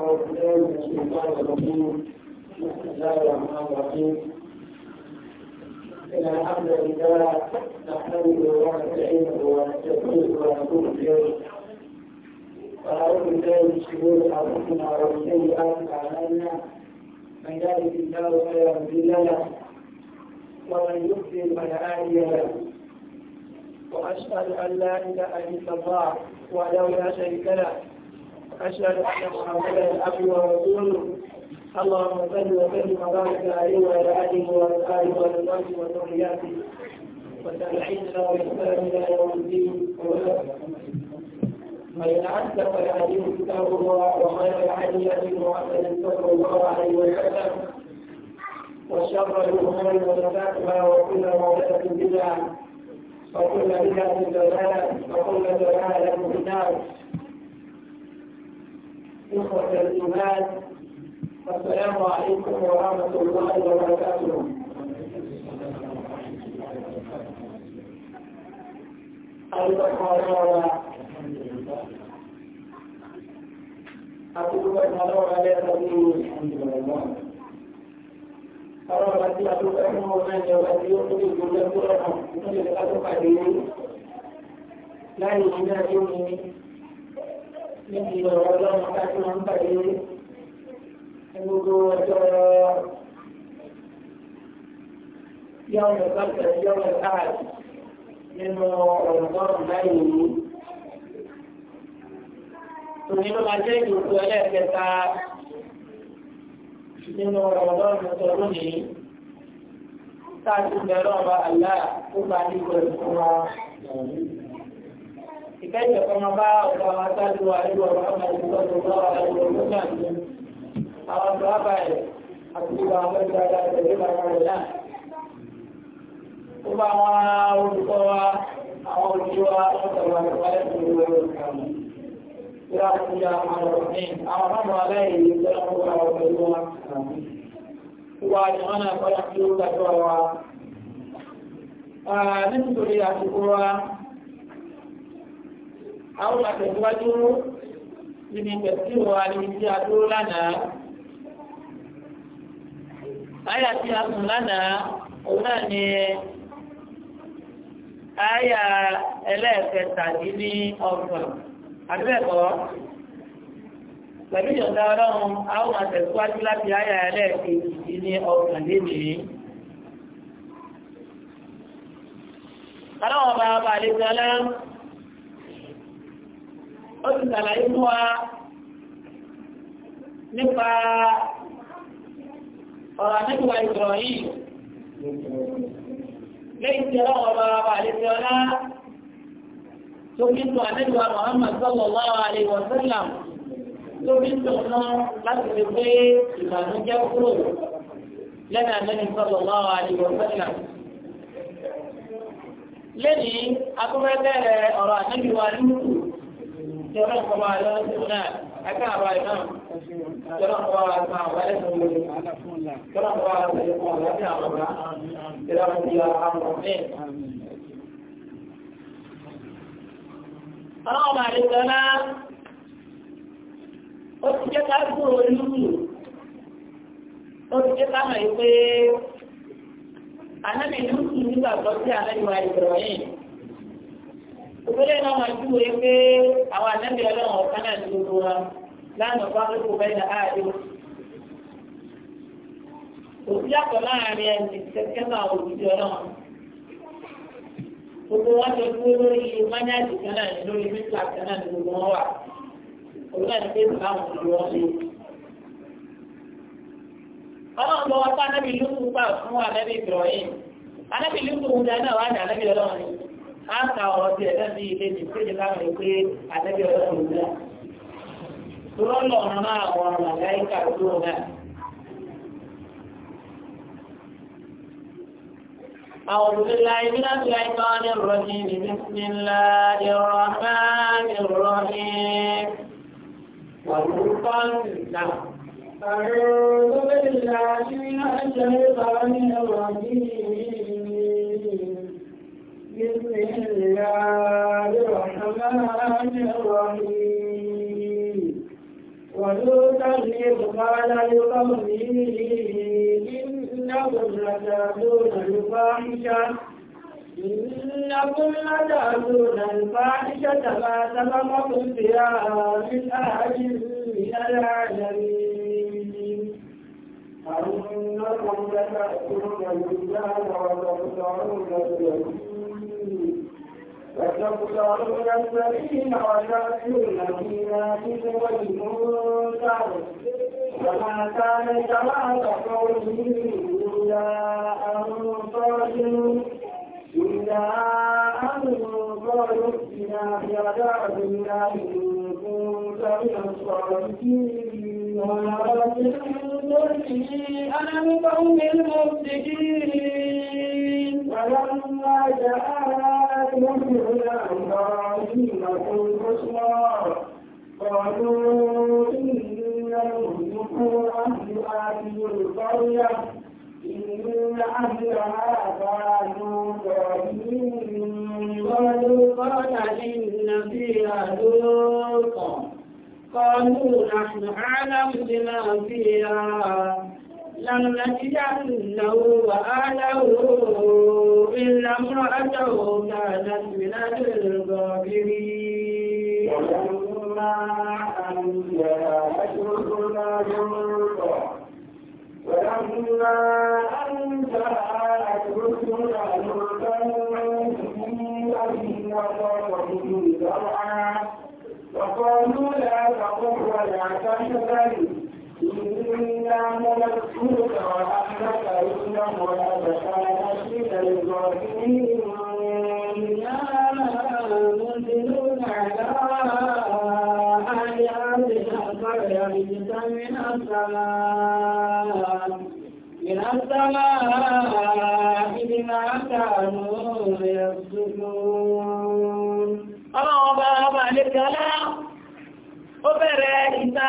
أعوذ بالله من الشيطان الرجيم بسم الله الرحمن الرحيم إن الحمد لله نحمده ونستعينه ونستغفره ونتوب إليه ونعوذ بالله من شرور أنفسنا ومن سيئات أعمالنا من يهده الله فلا مضل ومن يضلل فلا هادي وأشهد أن لا إله إلا الله وحده لا شريك له أشهد أن محمدا عبده ورسوله اللهم صل وسلم وبارك عليه وعلى آله وأصحابه وأزواجه وذرياته وتابعين له إلى يوم الدين فإن أصدق الحديث كتاب الله وخير الحديث هدي محمد صلى الله عليه وسلم وشر الأمور محدثاتها وكل محدثة بدعة وكل بدعة ضلالة وكل ضلالة في النار إخوة الإيمان السلام عليكم ورحمة الله وبركاته أيها الأخوة أقول لك مرور على الذي أرى الذي أتوقعه من الذي يطلب من القرآن من الأدب لا يجب أن يؤمن níbi ọ̀rọ̀ ọlọ́run ká tí wọ́n ń pàdé gbogbo ọjọ́ yọ̀ọ̀nù sọ́tẹ̀ yọ̀ọ̀nù káàdì nínú ọ̀rọ̀ ọlọ́run láyé yìí. Òní ló máa jẹ́ ìdòkú ẹlẹ́ẹ̀kẹta nínú ọ̀rọ̀ ọlọ́run tó lónìí. Táàtì bẹ̀rẹ̀ ọba àlá ó bá nígbà ìfún wa ìkẹ́jẹ̀ kọmọ bá ọ̀pọ̀ àwọn aṣáájú àríwọ̀ ọ̀pọ̀ àwọn àríwọ̀ lọ́nà àwọn bàbá ẹ̀ àti ìwà àwọn ìgbàlá ìtẹ̀lé bàbá rẹ̀ náà. Ó bá àwọn olùkọ́ wa, àwọn olùkọ́ wa lọ́sọ̀rọ̀ àti wáyé fún ìwé ìkàmù. Ìyá fún ìyá àwọn ọ̀rọ̀ ní àwọn ọmọ aláìyé lọ́nà fún àwọn pẹ̀lú wa. Ìwà àjọmọ́ náà kọ́ àwọn àtẹ̀síwájú ibi ìtẹ̀sí wọn alẹ́ tí a dúró lánàá. Àyà tí a sùn lánàá, òun náà ni àyà ẹlẹ́ẹ̀kẹtàdínní ọgbọ̀n. Àbẹ́ẹ̀kọ́, pẹ̀lú ìyọ̀ǹda ọlọ́run, àwọn àtẹ̀síwájú láti àyà ẹlẹ́ẹ̀kẹtàdínní ọgbọ̀n lénìí. Ọlọ́run bá bá àlejò ọlọ́run ó ti sàlàyé fún wa nípa ọ̀rọ̀ àtẹ́kùwà ìgbọ̀rọ̀ yìí lẹ́yìn tí ọlọ́wọ́ bá wà àlejò ọlá tó fi ń tún àtẹ́kùwà Muhammad sallallahu alaihi wa sallam tó fi ń tún náà láti fi gbé ìbànújẹ́ kúrò lẹ́nà àtẹ́kùwà sallallahu alaihi wa sallam lẹ́yìn akọ́fẹ́ ọ̀rọ̀ àtẹ́kùwà nínú ìjọba ìkọba alọ́sìn náà akáàbà náà ìjọba ìkọba àgbà wáyé fún mi ìjọba ìkọba àgbà ìkọba láti àwọn ọ̀gá ìjọba ìkọba àwọn ọ̀gbìn. ọlọ́run máa lè sọ náà ó ti jẹ́ ká gbòòrò lúlù ó ti jẹ́ ká mọ̀ pé anábìyí lúlù nígbàgbọ́ sí anábìyí wa ìbẹ̀rẹ̀ yìí òṣèlú náà máa ju rẹ pé àwọn ànábì ọlọ́run ọ̀kan náà ní gbogbo wa lánàá bá gbogbo bẹ́ẹ̀ náà àdé òsì yàtọ̀ láàrin ẹni kẹ́kẹ́ náà òbíjì ọlọ́run gbogbo wọn jọ dúró lórí mánìájì kan náà ní lórí mítà kan náà ní gbogbo wọn wà òun náà ní pé ìsìláàmù ti wọ́n lé. ọlọ́run lọ́wọ́ sí anábì lùkù pa fún anábì Ibrahim anábì lùkù ń dáná wà ní anábì ọlọ́run á ka ọ̀rọ̀ tí ẹ̀dá ní ilé ní kéde láwọn ìpè àtẹ́bí ọ̀rọ̀ tó dá. Tọ́lọ̀ náà àwọn màláìkà tó náà. أعوذ بالله من الشيطان الرجيم بسم الله الرحمن الرحيم ولوطا أعوذ بالله من الشيطان الرجيم بسم الله الرحمن الرحيم ولوطا إذ قال لقومه إنكم لتأتون الفاحشة إنكم لتأتون الفاحشة ما سبقكم بها من أحد من العالمين أنكم لتأتون الرجال وتقطعون اليمين وتقطعون السبيل وتأتون في نافذ والمنكر وما كان جواب قومه إلا أن صادروا إلا أن ظلمتنا في عذاب الله إن كنت من الصادقين أنا من قوم المفسدين فلما جاءت نبينا إبراهيم الحسنى قالوا إنا نهلك أهل هذه القرية إن أهلها كانوا ظالمين ولوطا إن فيها لوطا قالوا نحن أعلم بما فيها لم نجدنه وآله إلا امرأته كانت من الغابرين ولما أن جاءت رسلنا ولما أن جاءت رسلنا مرسلين بهم وصرفهم ذرعا وقالوا لا تقف ولا تحزن إنا منكوك وأهلك إنه لا تكان من الظالمين إنا منزلون على رجسا من السماء من السماء بما كانوا يصدقون ọlọ́wọ́ bá ọba àlẹ́gbẹ̀ọ́lá ó bẹ̀rẹ̀ ìta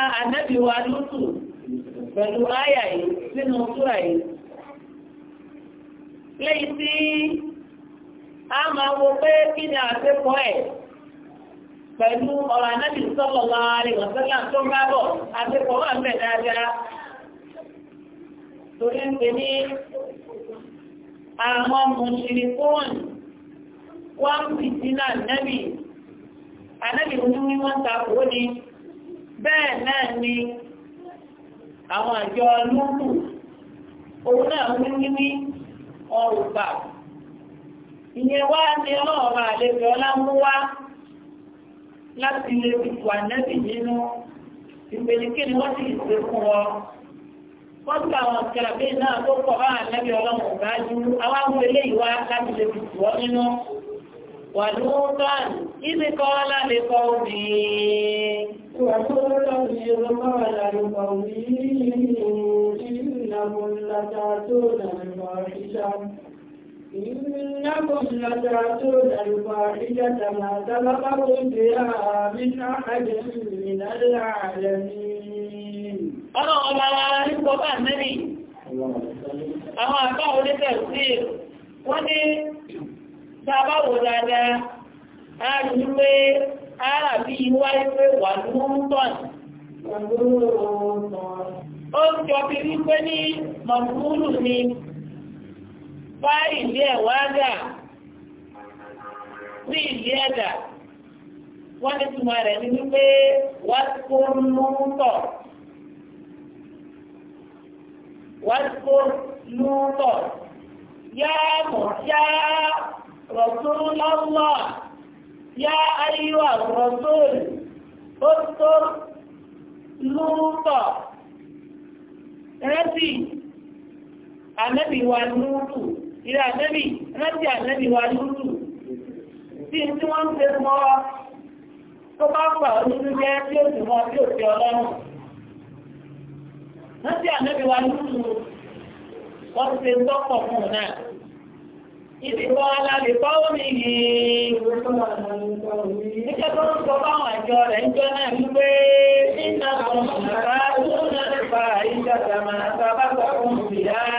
pẹ̀lú áyà yìí sínú túrà yìí lẹ́yìn tí a máa wo pé kí ni àṣepọ̀ ẹ̀ pẹ̀lú ọ̀rọ̀ anábì sọ́lọ̀ láàrin ọ̀sẹ́lá tó bá bọ̀ àtẹ́kọ̀ọ́ wà mẹ́ dáadáa torí ń pè ní àwọn mùsùlùmí fóònù wọ́n fi sínú anábì anábì ní wọ́n ta kò ní bẹ́ẹ̀ náà ni àwọn àjọ lúkù òun náà ń ní ọrùn bàbá ìyẹn wá ní ọlọ́ọ̀rọ̀ àlejò ọlá mú wá láti lè fi wà nẹ́bì nínú ìpèníkè ni wọ́n sì ṣe fún ọ. Wọ́n gba àwọn kẹlẹ̀bí náà tó pọ̀ bá ànẹ́bì ọlọ́run ìbájú, àwọn àwọn eléyìí wá láti lè fi tù ọ nínú. Wà ní wọ́n tán, ìdí kọ́ lálẹ́ kọ́ òbí. Wà tó lọ́wọ́ ìṣòro máa lálẹ́ kọ́ òbí. Ìlànà ìlànà tó lálẹ́ kọ́ إنكم لتأتون الفاحشة ما سبقكم بها من أحد من العالمين ọ̀rọ̀ ọba ara ní bọ́bá mẹ́rin àwọn àbá oníkẹ̀ sí wọ́n ní a rí pé ara bí wáyé pé wà ní mọ́tọ́n ó jọ fáìlì ẹ̀wà dà ní ìlú ẹ̀dà wọ́n ní túmọ̀ rẹ̀ ní wípé wọ́n kó lóńtọ̀ wọ́n kó lóńtọ̀ yá mọ̀ yá Rasulullah yá ayíwá Rasul ó tó lóńtọ̀ rántí ànábì wa lóńtọ̀. ìrẹ́ ànẹ́bì rántí ànẹ́bì wa lúrù tí tí wọ́n ń ṣe mọ́ tó bá pà lúrù jẹ́ tí ó sì mọ́ tí ó ti ọlọ́run rántí ànẹ́bì wa lúrù wọ́n ṣe tọ́pọ̀ fún náà ìdìbò alálè báwo ni yìí nígbà tó ń sọ báwọn àjọ rẹ̀ ń jọ náà wípé nígbà tó ń ń fún ìyá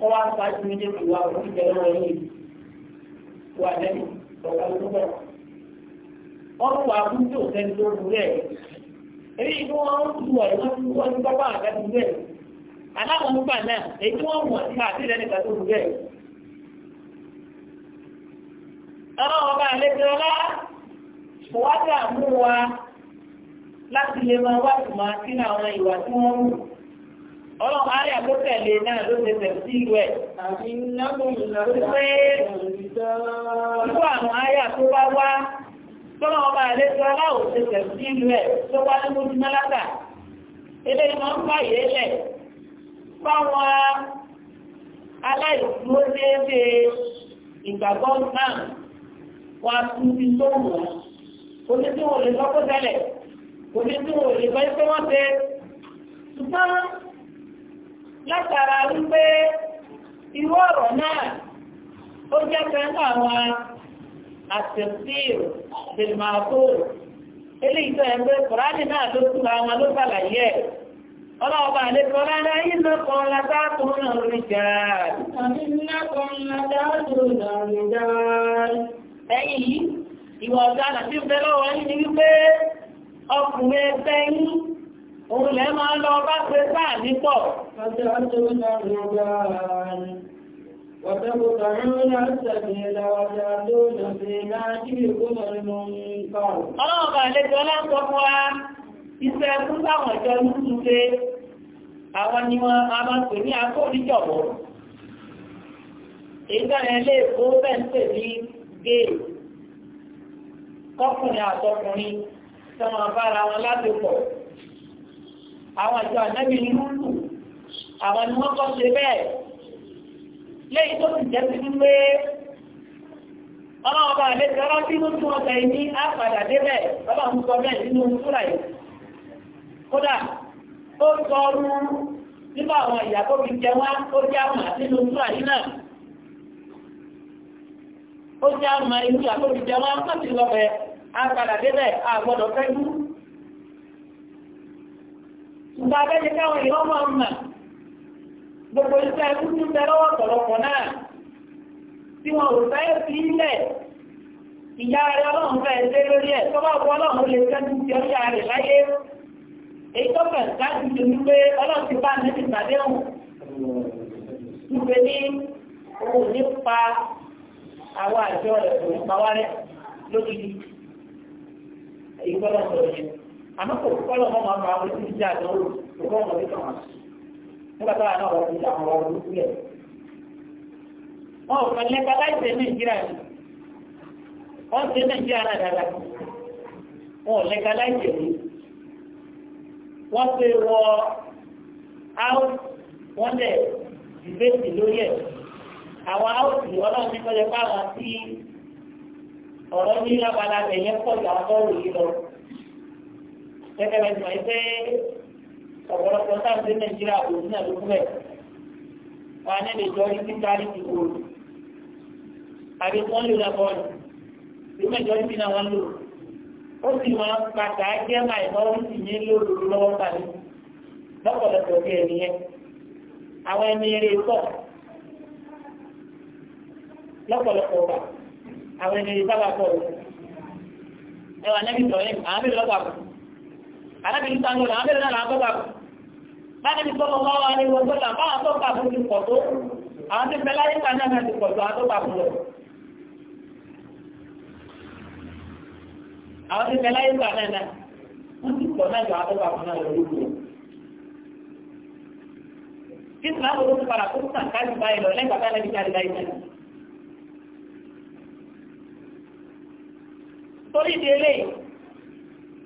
kọ́ wá ń pàṣẹ méjì tó wà ti bẹ̀rẹ̀ wọ̀ yìí wà lẹ́nu ọ̀gá ló bọ̀. wọ́n tún wà fún tí òsè tó rú rẹ̀ èyí wọ́n ń tu ọ̀rẹ́ wọn àgbà tó rẹ̀ aláwọn náà èyí wọ́n àti tó rẹ̀. ọlọ́wọ́ bá ọlá wa láti lè máa wá ọlọ́run ayé àgbótẹ̀lé náà ló ṣe tẹ̀lé sí ìwẹ̀. Ìgbó àwọn ayé tó bá wá tọ́lá ọba àlẹ́ tó ọlá ò ṣe tẹ̀lé sí ìwẹ̀ tó wá ní mojú mẹ́láta. Ilé iná ń bá yé lẹ̀. Fáwọn aláìsúwó déédé ìgbàgbọ́ náà wá tún bí tó wù wọ́n. Kò ní tí wọ́n lè sọ́kó tẹ́lẹ̀. Kò ní tí wọ́n lè bá ẹgbẹ́ wọn ṣe. Ṣùgbọ́n látara wípé irú ọ̀rọ̀ náà ó jẹ́ pẹ́ńtà àwọn àtẹ̀síìrò bèlmàkóòrò eléyìí tó ẹgbẹ́ kùránì náà ló tún àwọn ló ṣàlàyé ẹ̀ ọlọ́ọ̀bà lára iná kan látà tó òun máa lọ bá pé sáà ní pọ̀. Ọlọ́ọ̀bà àlejò láńkọ́ fún àwọn ni wọ́n a máa pè ní akóríjọ̀bọ̀. Èdè ẹlé ìfó bẹ́ẹ̀ ní géè, kọkùnrin àtọkùnrin, sọmọ bára wọn láti pọ̀ àwọn àjọ ànábì ní lúlù àwọn ni wọ́n kọ́ ṣe bẹ́ẹ̀ lẹ́yìn tó ti jẹ́ sí wípé ọlọ́wọ́ bá lè tẹ́rọ sí ló tún ọ̀sẹ̀ ní àpàdà débẹ̀ bàbá ń sọ bẹ́ẹ̀ nínú fúra yìí kódà ó sọ ọrú nípa àwọn ìyà tó fi jẹ wá ó jẹ́ àmà nínú fúra yìí náà ó jẹ́ àmà inú ìyà tó fi jẹ wá láti lọ bẹ̀ àpàdà débẹ̀ àgbọ̀dọ̀ fẹ́ dúró Ìgbàgbé ti káwọn ìwọ́n máa ń mà. Gbogbo iṣẹ́ kúkú ń bẹ lọ́wọ́ ọ̀pọ̀lọpọ̀ náà. Tí wọn ò fẹ́ fi ilẹ̀ ìyá rẹ̀ ọlọ́run fẹ́ ṣe lórí ẹ̀ tó bá wọ ọlọ́run lè tẹ́jú ti ọjà rẹ̀ láyé. Èyí tó fẹ̀ láti dùn ní pé ọlọ́run ti bá mi ti pàdé òun. Ìgbè ní òun nípa àwọn àjọ rẹ̀ kò ní pa sọ̀rọ̀ yẹn àmọ́ kò kọ́lọ̀ wọn máa máa wọlé ìdí àdánwò tó kọ́ wọn lẹ́tọ̀ wọn sí nígbà táwọn náà wọ́n ti dà wọn wọ́n lókù lẹ̀. wọn ò kàn lẹ́ka láìsẹ̀ nàìjíríà ni wọ́n ṣe nàìjíríà náà dáadáa wọn ò lẹ́ka láìsẹ̀ ni wọ́n ṣe wọ áwùt wọ́n lẹ̀ dìbẹ́tì lórí ẹ̀ àwọn áwùtì ọlọ́run ní kọ́jọ́ fáwọn tí ọ̀rọ̀ ní gẹ́gẹ́ bẹ́ẹ̀ ti mọ̀ yìí pé ọ̀pọ̀lọpọ̀ sáà ń gbé nàìjíríà kò ní àdókò bẹ́ẹ̀ wà ní lè jọ ibi kárí ti kò lù àbí wọ́n lò lọ́kọ́ lù bí mẹ́jọ ibi náà wọ́n lò ó sì máa ń pàtà jẹ́ máa ìnáwó sì ní lóru lọ́wọ́ tàbí lọ́pọ̀lọpọ̀ bí ẹni yẹn àwọn ẹni eré pọ̀ lọ́pọ̀lọpọ̀ wà àwọn ẹni eré sábà pọ̀ lọ nẹ́bí sọ̀rọ̀ arábìnrin tanu rẹ̀ abẹ́rẹ́ náà lábọ́ bàbá láti fi tọ́lọ lọ́wọ́ àwọn ẹni wọ́n tọ́lá báwọn tó kà fún ti pọ̀ tó àwọn tí bẹ láyé kan náà ti pọ̀ tó àwọn tó kà fún lọ. àwọn tí bẹ láyé kan náà wọ́n ti pọ̀ náà ju àwọn tó kà fún náà lọ lóko. kí torí ìdí eléyìí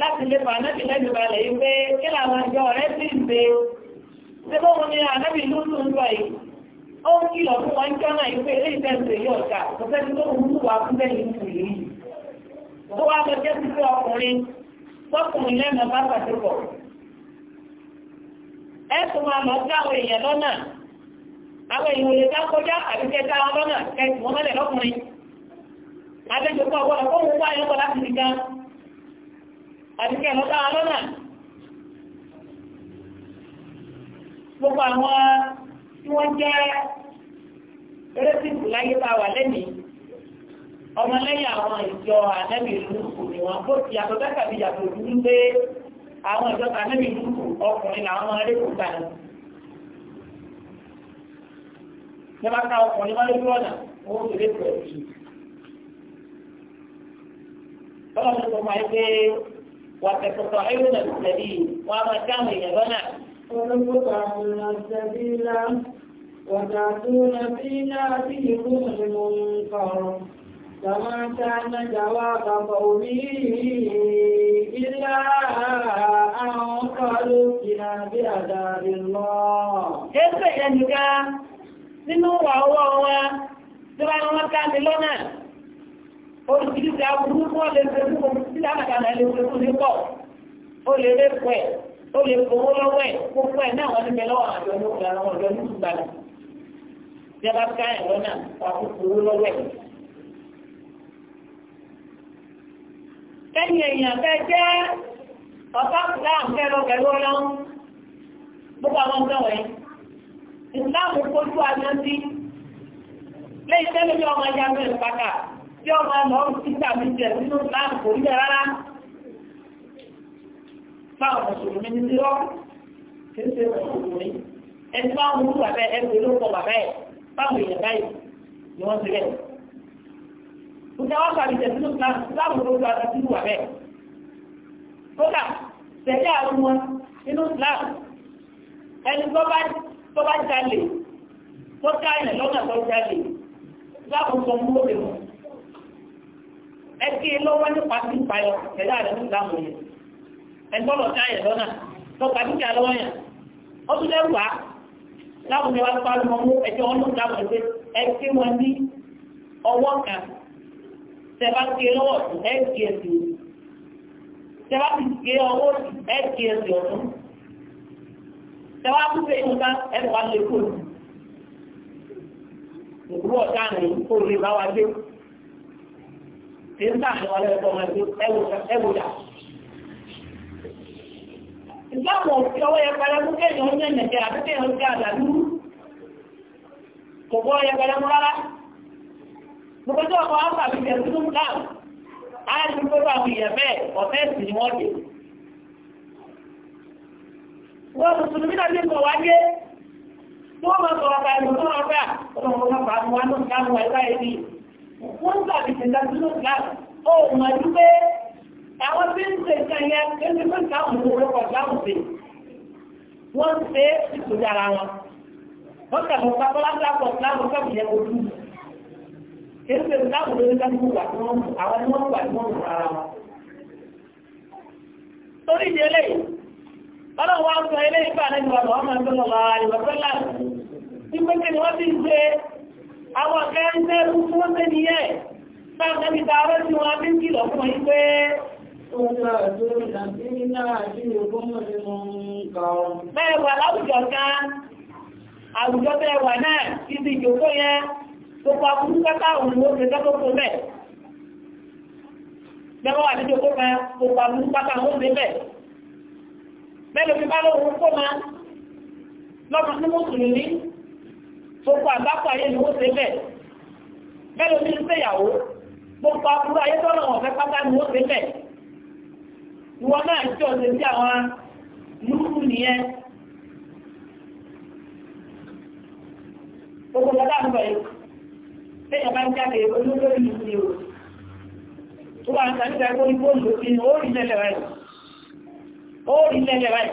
láti lè bà náàbì lẹ́nu balẹ̀ yìí pé kí làwọn ìjọ rẹ̀ sì ń pe ṣe bó wọn ni ànábì lóṣù ń lọ yìí ó ń kìlọ̀ fún wọn jọ náà yìí pé ilé ìfẹ́ǹsẹ̀ yìí ọ̀gá kò sẹ́ni tó ń wà fún bẹ́ẹ̀ ní ìlú yìí ó wá lọ jẹ́ sípé ọkùnrin tọkùnrin lẹ́nu bá pàṣípọ̀ ẹ tún máa lọ sí àwọn èèyàn lọ́nà àwọn èèyàn lè dá kọjá àbí kẹta lọ́nà kẹsì àti kẹ́ẹ̀mọ́ dáa lọ́nà gbogbo àwọn tí wọ́n jẹ́ eréṣìkù láyé bá wà lẹ́nìí ọmọ lẹ́yìn àwọn ìjọ ànẹ́bì lùkù ni wọ́n bó ti yàtọ̀ dákàbí yàtọ̀ òdú ń gbé àwọn ìjọ ànẹ́bì lùkù ọkùnrin làwọn ọmọ eré kùgbà ní. Nígbà ká ọkùnrin máa lójú ọ̀nà, ó ń pẹ̀lú. Bọ́lá mi máa ń gbé وتقطعون السبيل وما كان يبنى وتقطعون السبيل وتأتون في ناديكم المنكر فما كان جواب قومه إلا أن قالوا ائتنا بعذاب الله. كيف ينجا؟ nínú wàhùwà wa tí wọn ká mi lọ́nà oríṣiríṣi aburú fún ọ̀lẹ́ ìṣẹ́jú kò sí lánàkàlà ilé ìṣẹ́jú ní pọ̀ ó lè lé pẹ̀ ó lè fowó lọ́wọ́ ẹ̀ kó fún náà wọ́n ti bẹ àjọ ní òkè àwọn ọ̀dọ́ ní ìgbàlá ìjọba ká ẹ̀ lọ́nà pàkó fowó lọ́wọ́ ẹ̀. kẹ́yìn èèyàn fẹ́ jẹ́ ọ̀pá islam fẹ́ lọ pẹ̀lú ọlọ́run gbogbo àwọn ọ̀dọ́ ẹ̀ islam kojú agbọ́n sí lẹ́yìn tẹ́lẹ̀ ọmọ ajá tí ọmọ ọmọ títà mi jẹ nínú láti kò rí rárá fáwọn mùsùlùmí ní lọ kí ṣe mùsùlùmí ẹni bá ń wúlò bàbá ẹ pé ló kọ bàbá ẹ fáwọn èèyàn báyìí ni wọ́n ti rẹ̀. Bùkẹ́ wọ́n kàbí jẹ nínú láti láwọn olóògbé àti tìlú bàbá ẹ. Kódà tẹ̀lé àwọn wọn nínú láti ẹni tó bá jalè tó ká lọ́nà tó jalè láwọn sọ mú lóde wọn ẹkí e lọ́wọ́ nípa sí ìpayọ̀ ẹ̀dá rẹ̀ ní ìlànà òun ẹgbọ́lọ̀ táyẹ̀ lọ́nà lọ́ka dúkìá lọ́wọ́ yẹn ó tún lẹ́rù láwùjọ wa nípa lọ́mọ mú ẹjọ́ wọn lóun dábọ̀ ẹkí wọn ní ọwọ́ kan tẹ̀bá ti e lọ́wọ́ ẹkí ẹ̀sì tẹ̀bá ti gé e ọwọ́ ẹkí ẹ̀sì ọ̀tún tẹ̀bá tún fẹ́ ìmúta ẹ̀rọ wa lè kó òwúrọ̀ táà ní kó tí ń tàn wọn lẹ́kọ̀ọ́ máa fi ẹwùdà. ìgbàgbọ́ òfin ọwọ́ yẹn mú kéèyàn ó yẹn nẹ̀jẹ̀ àti kéèyàn ó jẹ́ àdàlú kò bọ́ yẹn mú rárá. gbogbo tí ọkọ̀ ápà fi jẹ̀ sínú náà á ti gbogbo àwọn èèyàn bẹ́ẹ̀ ọ̀fẹ́ sì ni wọ́n dé. wọ́n mùsùlùmí náà ti ń bọ̀ wáyé tó máa sọ̀rọ̀ wọ́n gbà bí tẹ̀lá dúró láàrú ó mọ̀ ní pé àwọn tí ń ṣe nǹkan yẹn kí ń pín káwọn ní orúkọ ìdáhùn sí wọ́n ṣe ìtòjú ara wọn wọ́n kà mọ̀ pápá látàkọ̀ láàrú kọ́ọ̀kì yẹn ojú kí ń ṣe láàrú lórí kájú wà tí wọ́n mú àwọn ni wọ́n wà tí wọ́n mú ara wọn. torí ìdí eléyìí ọlọ́run wá sọ àwọn kẹ́ńtẹ́ ń kìlọ̀ fún yí pé Bẹ́ẹ̀ àwùjọ bẹ́ẹ̀ wà náà, ibi ìjòkó yẹn, gbogbo àbúrú kátà òun ló ṣe tẹ́kọ̀ọ́ fún bẹ́ẹ̀. Bẹ́ẹ̀ wà níjòkó kan, gbogbo àbúrú kátà òun ló ṣe bẹ́ẹ̀. Bẹ́ẹ̀ lómi bá lóhun kó máa lọ́mọ sí mùsùlùmí gbogbo àgbákọ̀ ayé ni wọ́n ṣe bẹ́ẹ̀ bẹ́ẹ̀ lómi ń ṣèyàwó gbogbo aburú ayé tọ́lọ̀ wọn fẹ́ pátá ni wọ́n ṣe bẹ́ẹ̀ ìwọ náà jọ ṣe sí àwọn lúrú nìyẹn gbogbo ọ̀dá ń bọ̀ yìí lẹ́yìn bá ń jáde olólórí ni o tó bá ń sàníkà ẹgbẹ́ orí bóòlù ó rí lẹ́lẹ̀ rẹ̀ ó rí lẹ́lẹ̀ rẹ̀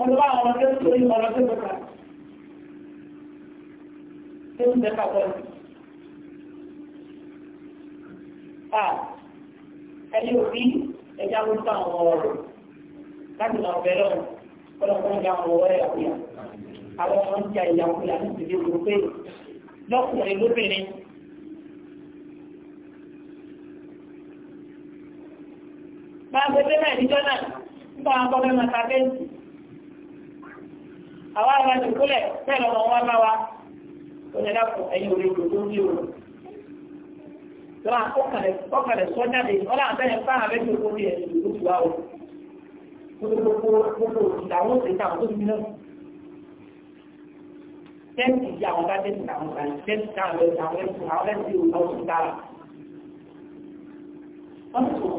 pẹ̀lú àwọn ọmọdé tó ìdílé gbogbo lọ́kùnrin lóbìnrin. Bá a gbé bẹ́ẹ̀ níjọ́ náà, nípa àwọn ọmọ mẹ́ta bẹ́ẹ̀ àwa àwọn àjòkúlẹ̀ bẹ́ẹ̀ lọ́mọ wọn bá wa ó ẹ̀yìn orí ìgbòho ní o. Lọ́la tó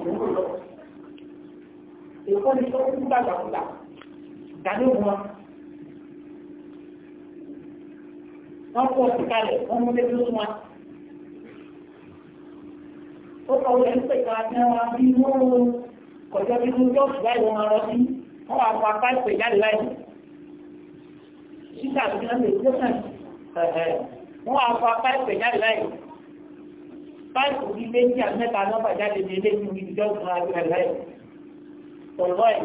ní lọ. Èkó ni tó ń gbàgbà kúta. Ìdádé wọn wọ́n kó oṣù kalẹ̀ wọ́n mú lé lóṣù wọn. ó kọ wọlé ń pèsè àti wọn bí wọ́n kọjọ́ bí wọ́n yọ̀ ṣùgbọ́n ìwọ̀n wọn lọ sí wọ́n wà fún apá ìpè jáde láì. sísà tó náà lè gbósàn wọ́n wà fún apá ìpè jáde láì. páìpù ní méjì àti mẹ́ta nọ́mbà jáde ní eléyìí ní ìjọ́sùn àti àgbáyé. ọ̀rọ̀ ẹ̀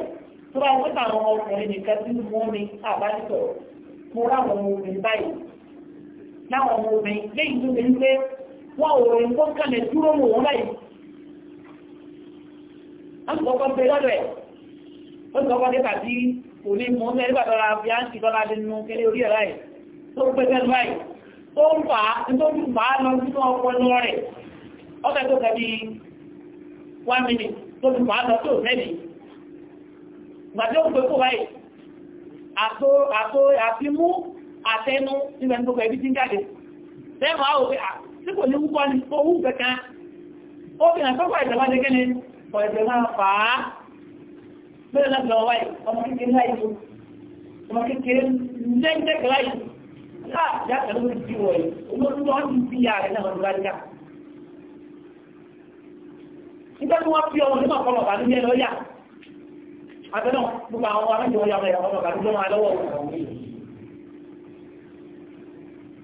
tó bá wọ́n tàwọn ọmọkùnrin nìkan tí wọ́n ní àbájọ mo ráwọn ọmọ obìnrin báyìí láwọn ọmọ obìnrin lẹ́yìn tó ti ń pé wọ́n ò rìn kó kalẹ̀ dúró mọ̀ wọ́n báyìí. wọ́n ti kọ́kọ́ pé lọ́dọ̀ ẹ̀ ó ti kọ́kọ́ dé tàbí kò ní mọ́ ní ẹgbẹ́ tọ́ra fi á ń ti tọ́ra dé nínú kẹlẹ́ orí ẹ̀ láì tó pé sẹ́nu báyìí tó ń fà á tó ń fà á lọ sínú ọpọlọ rẹ̀ ọ̀fẹ́ tó kẹ́bi one minute tó ti fà á lọ tó sẹ́ni gbàdé òkú kó báyìí àtó àtó àfimú àtẹnu nígbẹ̀ gbogbo ẹbí tí ń jáde lẹ́wọ̀n òfin tí kò ní wúkọ́ ní owó kankan ó fi ìjọba ní kíni kọ̀ ẹ̀jẹ̀ máa fà á láti lọ wáyé ọmọ kékeré láyé ọmọ kékeré lẹ́gbẹ̀ẹ́ láyé láà jáde ló ti wọ̀ yìí olóòtú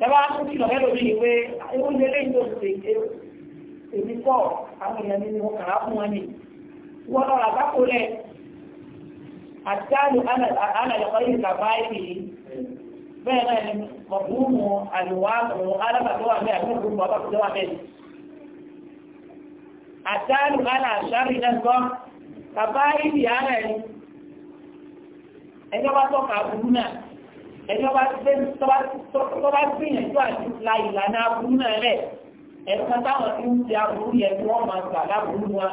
Ẹbá tún kìlọ̀ mẹ́lò bí ìwé oúnjẹ lẹ́yìn tó ṣe èmi pọ̀ àwọn èèyàn nínú wọn kàrá fún wọn ni. Wọ́n lọ rà sáko lẹ̀. Àtàlù alàlẹ́kọ̀ọ́ yìí kàbá ìrì bẹ́ẹ̀ náà ni mọ̀bùrùmù àlùwà àrùn alábàtọ́ wà bẹ́ẹ̀ àti ẹni ọba tọ́ba gbìyànjú àti la ìlànà aburú náà rẹ̀ ẹ̀sán táwọn tí ń ṣe aburú yẹn tí wọ́n máa gbà láburú wa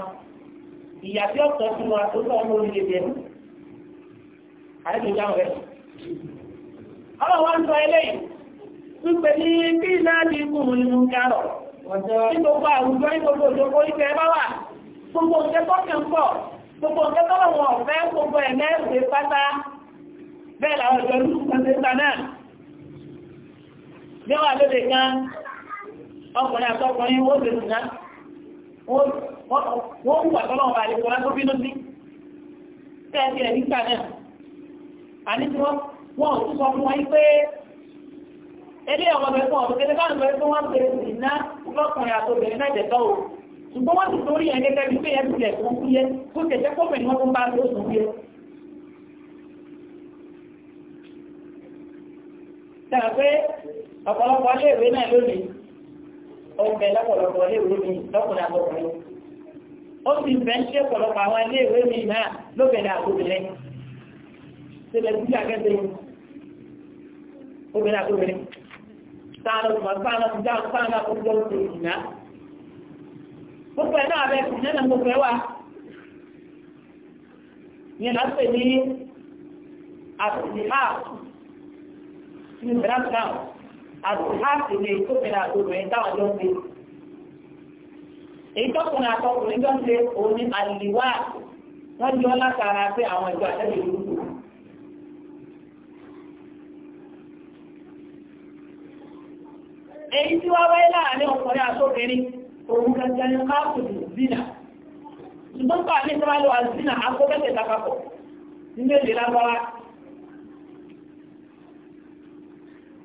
ìyá tí ọ̀sán fún wa tó tọ́ ọmọ orílẹ̀ èdè ẹ̀mú àyẹ̀dùn rẹ̀. ọlọ́wọ́ ń sọ eléyìí wípé ní bí láti kùn ní mú kárọ̀ ní gbogbo àwùjọ ní gbogbo òjòkó ìfẹ́ bá wà gbogbo òjòkó kẹ̀ pọ̀ gbogbo òjòkó bẹ́ẹ̀ làwọn ìjọ ní náà bí wà lóde kan ọkùnrin àtọkùnrin wọ́n lè sùn náà wọ́n ń wà tọ́lọ́wọ́ bá àlejò wọn tó bínú sí tẹ́ẹ̀sì ẹ̀ nígbà náà àní tí wọ́n tún sọ fún wọn pé ẹdí ọmọ bẹ fún ọ̀tọ̀ kẹtẹ báwọn bẹ fún wọn pé ìná lọ́kùnrin àtọkùnrin náà jẹ́ ṣùgbọ́n wọ́n ti torí ẹ̀ gẹ́gẹ́ bí pé ẹ̀ ti lẹ̀ fún fúyẹ́ tó kẹ̀kẹ́ kọ́mẹ̀ ni wọ́n tún bá lóṣù fúyẹ́ dáa pé ọ̀pọ̀lọpọ̀ iléèwé náà lónìí ó ń bẹ lọ́pọ̀lọpọ̀ iléèwé mi lọ́kùnrin àbọ̀kùnrin ó sì bẹ ń ṣe ọ̀pọ̀lọpọ̀ àwọn iléèwé mi náà lóbìnrin àbóbìnrin sílẹ̀ sí àgẹ́sẹ̀ obìnrin àbóbìnrin sáànà ọ̀pọ̀ sáànà ọ̀pọ̀ sáànà ọ̀pọ̀ ìgbà gbogbo ẹ̀ náà bẹ́ẹ̀ kùnrin náà gbogbo ẹ̀ wà yẹn lọ́sẹ̀ àtìlẹ́ ní brazil àti ilé tó fẹ́ ra obìnrin táwọn jọ ń gbé. èyí tọkùnrin àtọkùnrin jọ ń ṣe òun ní àlìwá wọn jọ látara pé àwọn ìjọ àtẹ́lẹ̀ ìlú kù. èyí tí wọ́n wáyé láàárín ọkùnrin àtọkùnrin òun gẹ́gẹ́ ní káàkiri zina ṣùgbọ́n pàdé tí wọ́n lọ zina akọ́bẹ̀tẹ̀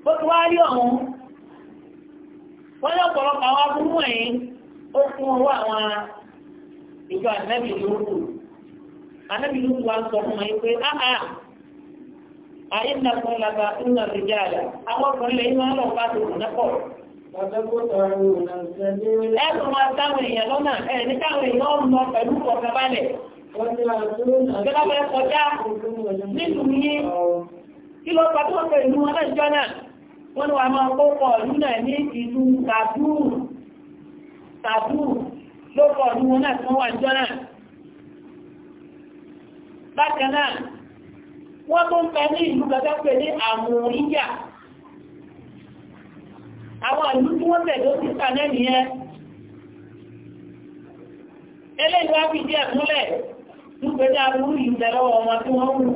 bó ti wá rí ọ̀hún wọ́n lọ́pọ̀lọpọ̀ àwọn abúrú wọ̀nyí ó fún owó àwọn ìjọ ànábì lóko ànábì lóko wa sọ fún wọn pé áhà ayé ń dàpọ̀ lábà ń nà sí jáde àwọn ọkùnrin lẹ́yìn máa lọ bá tó kù nẹ́pọ̀. ẹ̀sùn máa táwọn èèyàn lọ́nà ẹ̀ ní káwọn èèyàn ń lọ pẹ̀lú ọ̀gá balẹ̀. ìjọba kọjá nílùú yín kí ló pàtó pẹ̀lú ọlọ́jọ́ náà wọ́n wà máa kókọ̀ lúnà ní ìlú tàbúrù lókọ̀ ní wọn náà tí wọ́n wà jọ náà bákan náà wọ́n tó ń pẹ ní ìlú gẹ́gẹ́ pé ní àwọn ìyà àwọn ìlú tí wọ́n tẹ̀lé ó ti ta náà nìyẹn eléyìí wá fi díẹ̀ wọn tí wọ́n wù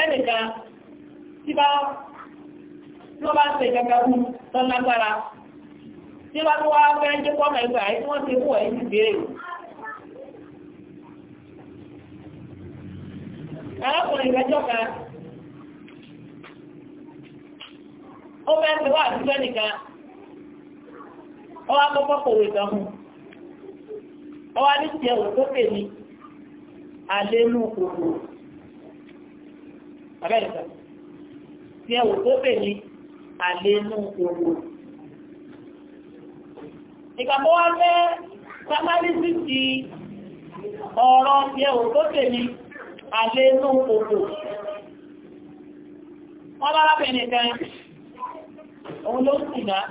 tẹ̀lọ́ tí bá ló bá ń tó lágbára tí bá wá fẹ́ jẹ́ pọ́ mọ̀ ìgbà tí wọ́n ti kú ẹ̀ ti arákùnrin ìgbẹ́jọ́ kan ó fẹ́ ti wá àdúgbò nìkan ó wá kọ́kọ́ kòwé ó wá ní tiẹ̀ wò pè ní tí ẹ wò tó pè ní àlénú òwò. ìgbàgbọ́ wa fẹ́ sámálísì ti ọ̀rọ̀ tí ẹ tó pè ní àlénú òwò. wọ́n bá rábẹ̀ nìkan òun ló sì náà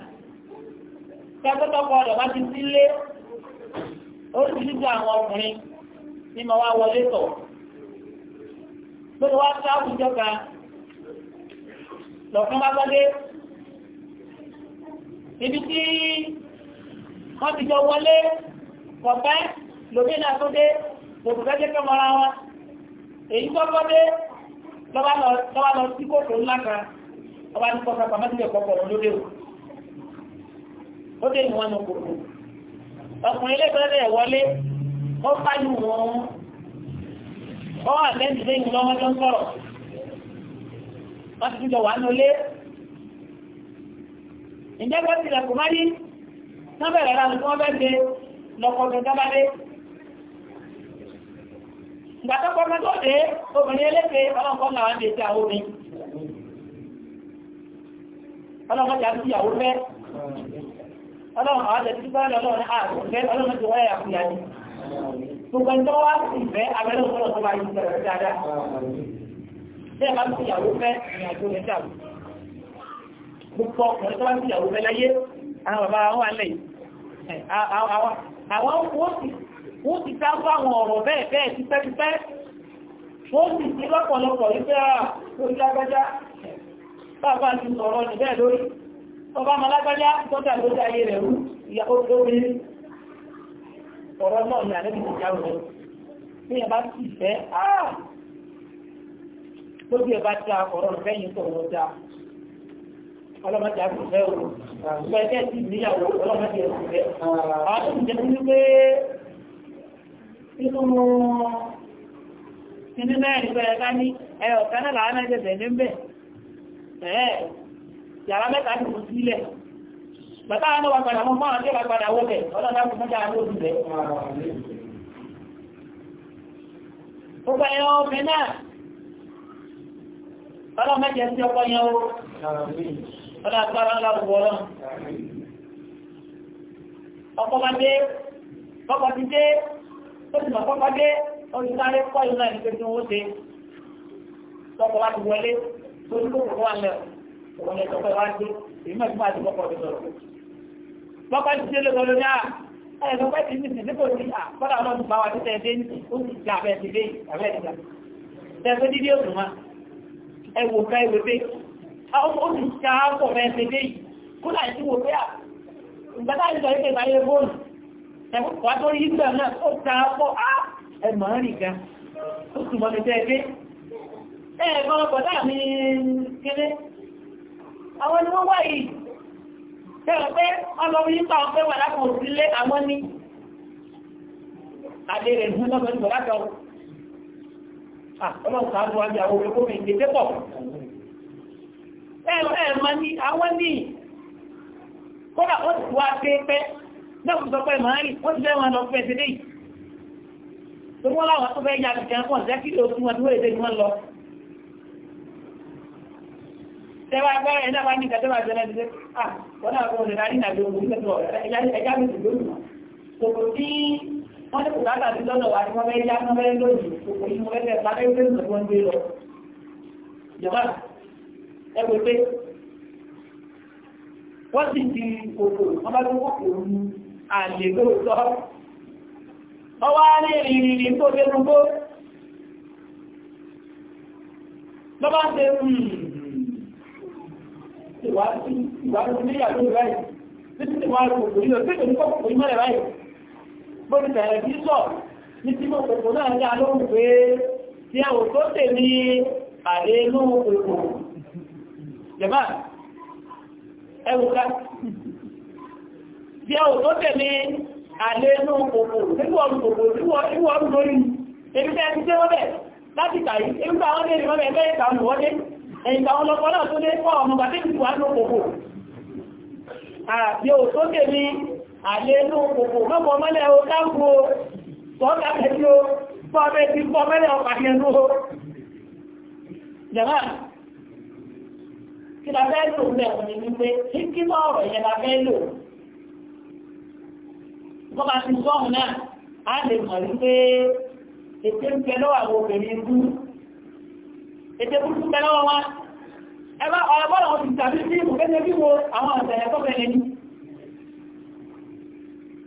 kẹ́kọ́tọ́kọ́ ọ̀dọ̀ bá ti sílé oríṣiríṣi àwọn wá wọlé tọ̀ lọ́kùn bá gbọ́dé ibi tí wọ́n ti jọ wọlé kọ̀pẹ́ lóbi náà tó dé lòkùn fẹ́ jẹ́ kọmọra wọn èyí tó gbọ́dé lọ́ba lọ sí kòkò ńlá kan ọba ní kọ́kọ́ pàmọ́ sílẹ̀ kọ́kọ́ lóde o ó dé ìwọ̀n nù kòkò ọkùnrin ilé ìgbẹ́rẹ́ wọlé ó fáyù wọn ó wà lẹ́yìn lẹ́yìn lọ́wọ́ ń sọ̀rọ̀ wọ́n ti tún jọ wà ní olé ìjẹ́gbẹ́ ti lẹ̀kùn má ní wọ́n bẹ̀rẹ̀ ránù tí wọ́n fẹ́ ṣe lọ́kọ̀ọ̀dún dábádé ìgbà tó kọ́ mẹ́tọ́ dé obìnrin eléte ọlọ́kọ́ làwọn lè ṣe àwọn obìnrin ọlọ́kọ́ ti àti ìyàwó fẹ́ ọlọ́run àwọn àjẹ́ títí báyìí ọlọ́run ààrùn fẹ́ ọlọ́run ti wáyà àkúyà ní gbogbo ẹni tó bẹ́ẹ̀ bá ń fi ìyàwó rẹ̀ ní ah, bẹ́ẹ̀ lórí ọba ọmọ lójú ẹ̀ bá dá ọ̀rọ̀ rẹ̀ fẹ́yìn tó ọ̀rọ̀ dá ọlọ́mọdé àgùnfẹ́ o ṣùgbọ́n ẹgbẹ́ ti níyàwó ọlọ́mọdé àgùnfẹ́ àwọn tó fún wípé nínú inú mẹ́rin pẹ̀lẹ́ ká ní ẹ̀yọ̀ kan làwọn ẹ̀jẹ̀ bẹ̀ níbẹ̀ ẹ̀ẹ́ yàrá mẹ́ta ti kù sílẹ̀ bàtà àwọn wà padà mọ́ àwọn tí wà wọ́ bẹ̀ ọlọ́dà kù mọ́jà àwọn Ọlọ́ mẹ́jẹ sí ọkọ̀ yẹn o, ọlọ́ aláwọ̀ ọlọ́. Ọkọ̀ bá dé, mọ̀ kọ́kọ́ dé, ó ti ìlú náà ní tí wọ́n ṣe. Tọ́kọ̀ tó ní tí ní à, ní ìsìn nípò bá wa títẹ̀ dé ní, ó ti jà bẹ́ẹ̀ ti dé, àbẹ́ẹ̀ dídí òṣùwọ̀n ẹwò ká ẹwò pé ó ti ká pọ̀ bẹ́ẹ̀ ṣe dé yìí kó láì sí wo pé à ìgbà táà ń sọ yìí pé ìbáyé fóònù ẹ̀kọ́ wá tó rí ìgbà náà ó ká pọ̀ á ẹ̀mọ̀ rìn gan ó sì mọ́ mi tẹ́ dé ẹ̀ẹ̀kan ọkọ̀ táà àwọn ni wọ́n wá yìí tẹ́rọ pé ọlọ́run yípa ọpẹ́ wà lápò òsílé àwọn ní adé rẹ̀ ní ọlọ́run yípa lápò ọlọ́run ká lọ́wọ́ àbí àwọn olùkọ́ mi gbèdé pọ̀ ẹ ẹ máa ní àwọn ní kódà ó ti wá pé pẹ́ náà kò sọ pé màá rí ó ti fẹ́ wọn lọ fẹ́ ṣe déyìí tó wọ́n láwọn tó fẹ́ ya kìkẹ́ pọ̀ sẹ́kì ló tún wọn tó èdè ni wọ́n lọ tẹ́wà gbọ́rọ̀ ẹ̀dá wa ní ìgbàtẹ́wà jẹ́lẹ́ ti dé ah wọ́n náà kọ́ wọ́n ní bùkátà sí lọ́dọ̀ wa ni wọ́n fẹ́ yá wọ́n fẹ́ lónìí òkú yìí wọ́n fẹ́ tẹ̀ lábẹ́ ìwé ìlú wọn gbé lọ. jọba ẹ wò pé wọ́n sì ti kòkò wọ́n bá gbogbo òun àlè lóòótọ́. wọ́n wá ní ìrìnrìn tó dé gbogbo. lọ́ba ṣe ìwádìí ìwádìí níyàwó rẹ̀ títí ìwádìí kòkò yìí lọ sí ìwádìí kòkò yìí mọ́lẹ̀ báyìí bóbi bẹ̀rẹ̀ bí sọ ní tí mo kòkò náà dá lóhùn pé tí àwọn tó tè ní àdéhùn òkò jẹ̀má ẹwùká tí àwọn tó tè ní àdéhùn òkò nígbà òkò níwọ̀ ọdún lórí ebi tẹ́ ti tẹ́ wọ́n bẹ̀ láti tàyí ebi tẹ́ àwọn léèrè mọ́bẹ̀ ẹgbẹ́ ìta ọmọ wọ́dé ẹ̀yìn tàwọn lọ́pọ̀ náà tó lé fọ́ ọmọ bàtẹ́ ìtìwà ní òkòkò àbí òtókè ní àlélú òkòkò mọ́kọ̀ mọ́lẹ̀ o káàkó tọ́kàtẹ̀ tí ó pọ́bẹ̀ tí pọ́mẹ́lẹ̀ ọ̀pàdẹ̀lú o jẹ́mà kí la mẹ́rin ní wípé kí kí lọ́rọ̀ yẹn la fẹ́ lò ti sọ́hùn náà lè mọ̀ wípé ètè ń bẹ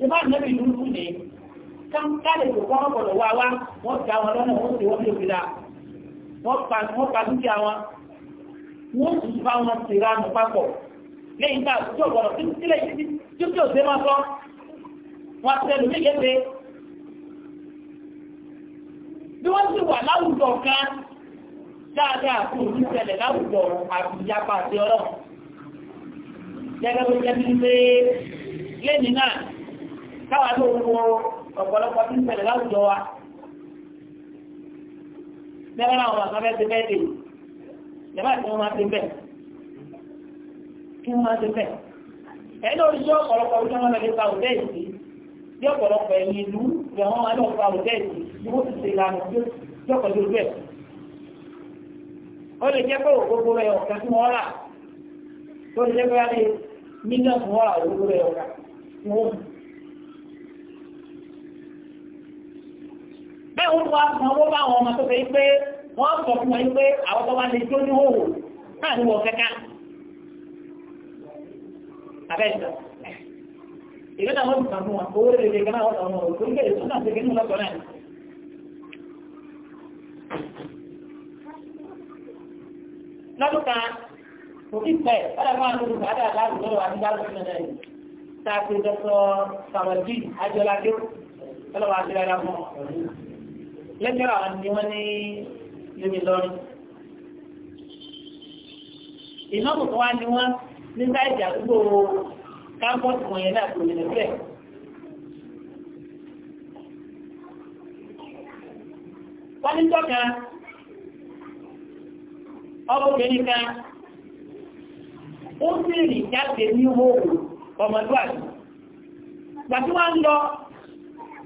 ìbá wọ́n ti wà láwùjọ kan dáadáa kò ní ṣẹlẹ̀ láwùjọ àbíyapa àti ọlọ́run gẹ́gẹ́ bó jẹ́ bí pé lẹ́yìn náà káwa ló ń wo ọ̀pọ̀lọpọ̀ tí ń ṣẹlẹ̀ láwùjọ wa lẹ́wọ́n àwọn àkàfẹ́ ti bẹ́ẹ̀ dè yàrá tí wọ́n máa ti bẹ́ẹ̀ kí wọ́n máa ti bẹ́ẹ̀ ẹ̀yìn lórí ọ̀pọ̀lọpọ̀ ọdún wọn lè fa òdẹ́ ìsì bí ọ̀pọ̀lọpọ̀ ẹ̀yìn ìlú bí wọ́n máa lọ fa òdẹ́ ìsì bí wọ́n ti ṣe ìlànà tí ọkọ̀ lórí ẹ̀ ó lè jẹ́ pé òkúgbó rẹ̀ tí wọ́n rà tó lè jẹ́ pé wọ́n rà rẹ̀ tí wọ́n bẹ́ẹ̀ wọ́n wá san owó bá àwọn ọmọ tó fẹ́ pé wọ́n sọ fún wọn pé àwọn tó bá lè tó ní òwò náà ní wọ́n kẹ́kẹ́ abẹ́ ìgbà ìgbà náà wọ́n sàn fún wọn owó rẹ̀ lè gánà wọ́n sàn wọn òkú nígbà èso náà ṣègbè nínú lọ́sọ̀ náà lọ́dún kan kò kí pẹ́ ọ̀dà máa ń lòdù bàdà lọ́dọ̀ àti bá lọ́dún náà tá a fi dọ́kọ̀ sàwọ̀dì àjọlá àti rárá fún ọ lẹ́gbẹ̀rẹ̀ àwọn ni wọ́n ní lómi lọ́rí iná kòkó wá ní wọ́n nígbà ìjà gbogbo kámpọ́sì wọ̀nyẹn náà kò bẹ́ẹ̀ wọ́n ní tọ́ka ọmọbìnrin kan ó sì rìn jáde ní owó ọmọdúnwàdì gbàtí ń lọ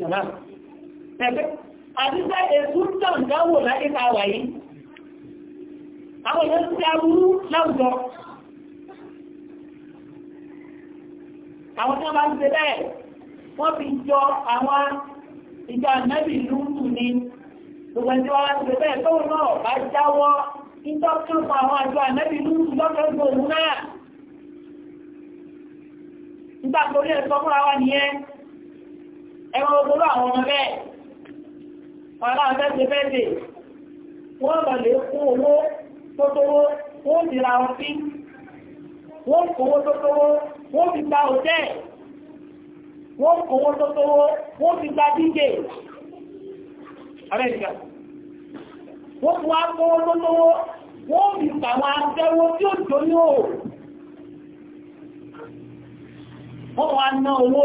jọ̀mọ́ ẹgbẹ́ àdíjẹ́ ètò tàǹdáwò láìka wà yìí àwọn èèyàn ti aburú láwùjọ àwọn tí wọ́n bá ń ṣe bẹ́ẹ̀ wọ́n fi jọ àwọn ni gbogbo ẹni wọ́n ti bẹ́ẹ̀ tóun náà bá jáwọ́ ìjọ kan fún àwọn àjọ ànábì lúùtù lọ́kẹ́gbò òun náà nígbà torí ẹ̀sọ́ ẹwọ ogboro àwọn ọmọ bẹ́ẹ̀ ọ̀rọ̀ àwọn fẹ́ẹ̀sì wọ́n lọ owó tó wọ́n ti ra ọtí wọ́n kówó tó wọ́n ti gba òtẹ́ wọ́n kówó tó wọ́n ti gba díje wọ́n fún wọ́n ti tí ó jọ ní o. wọ́n wá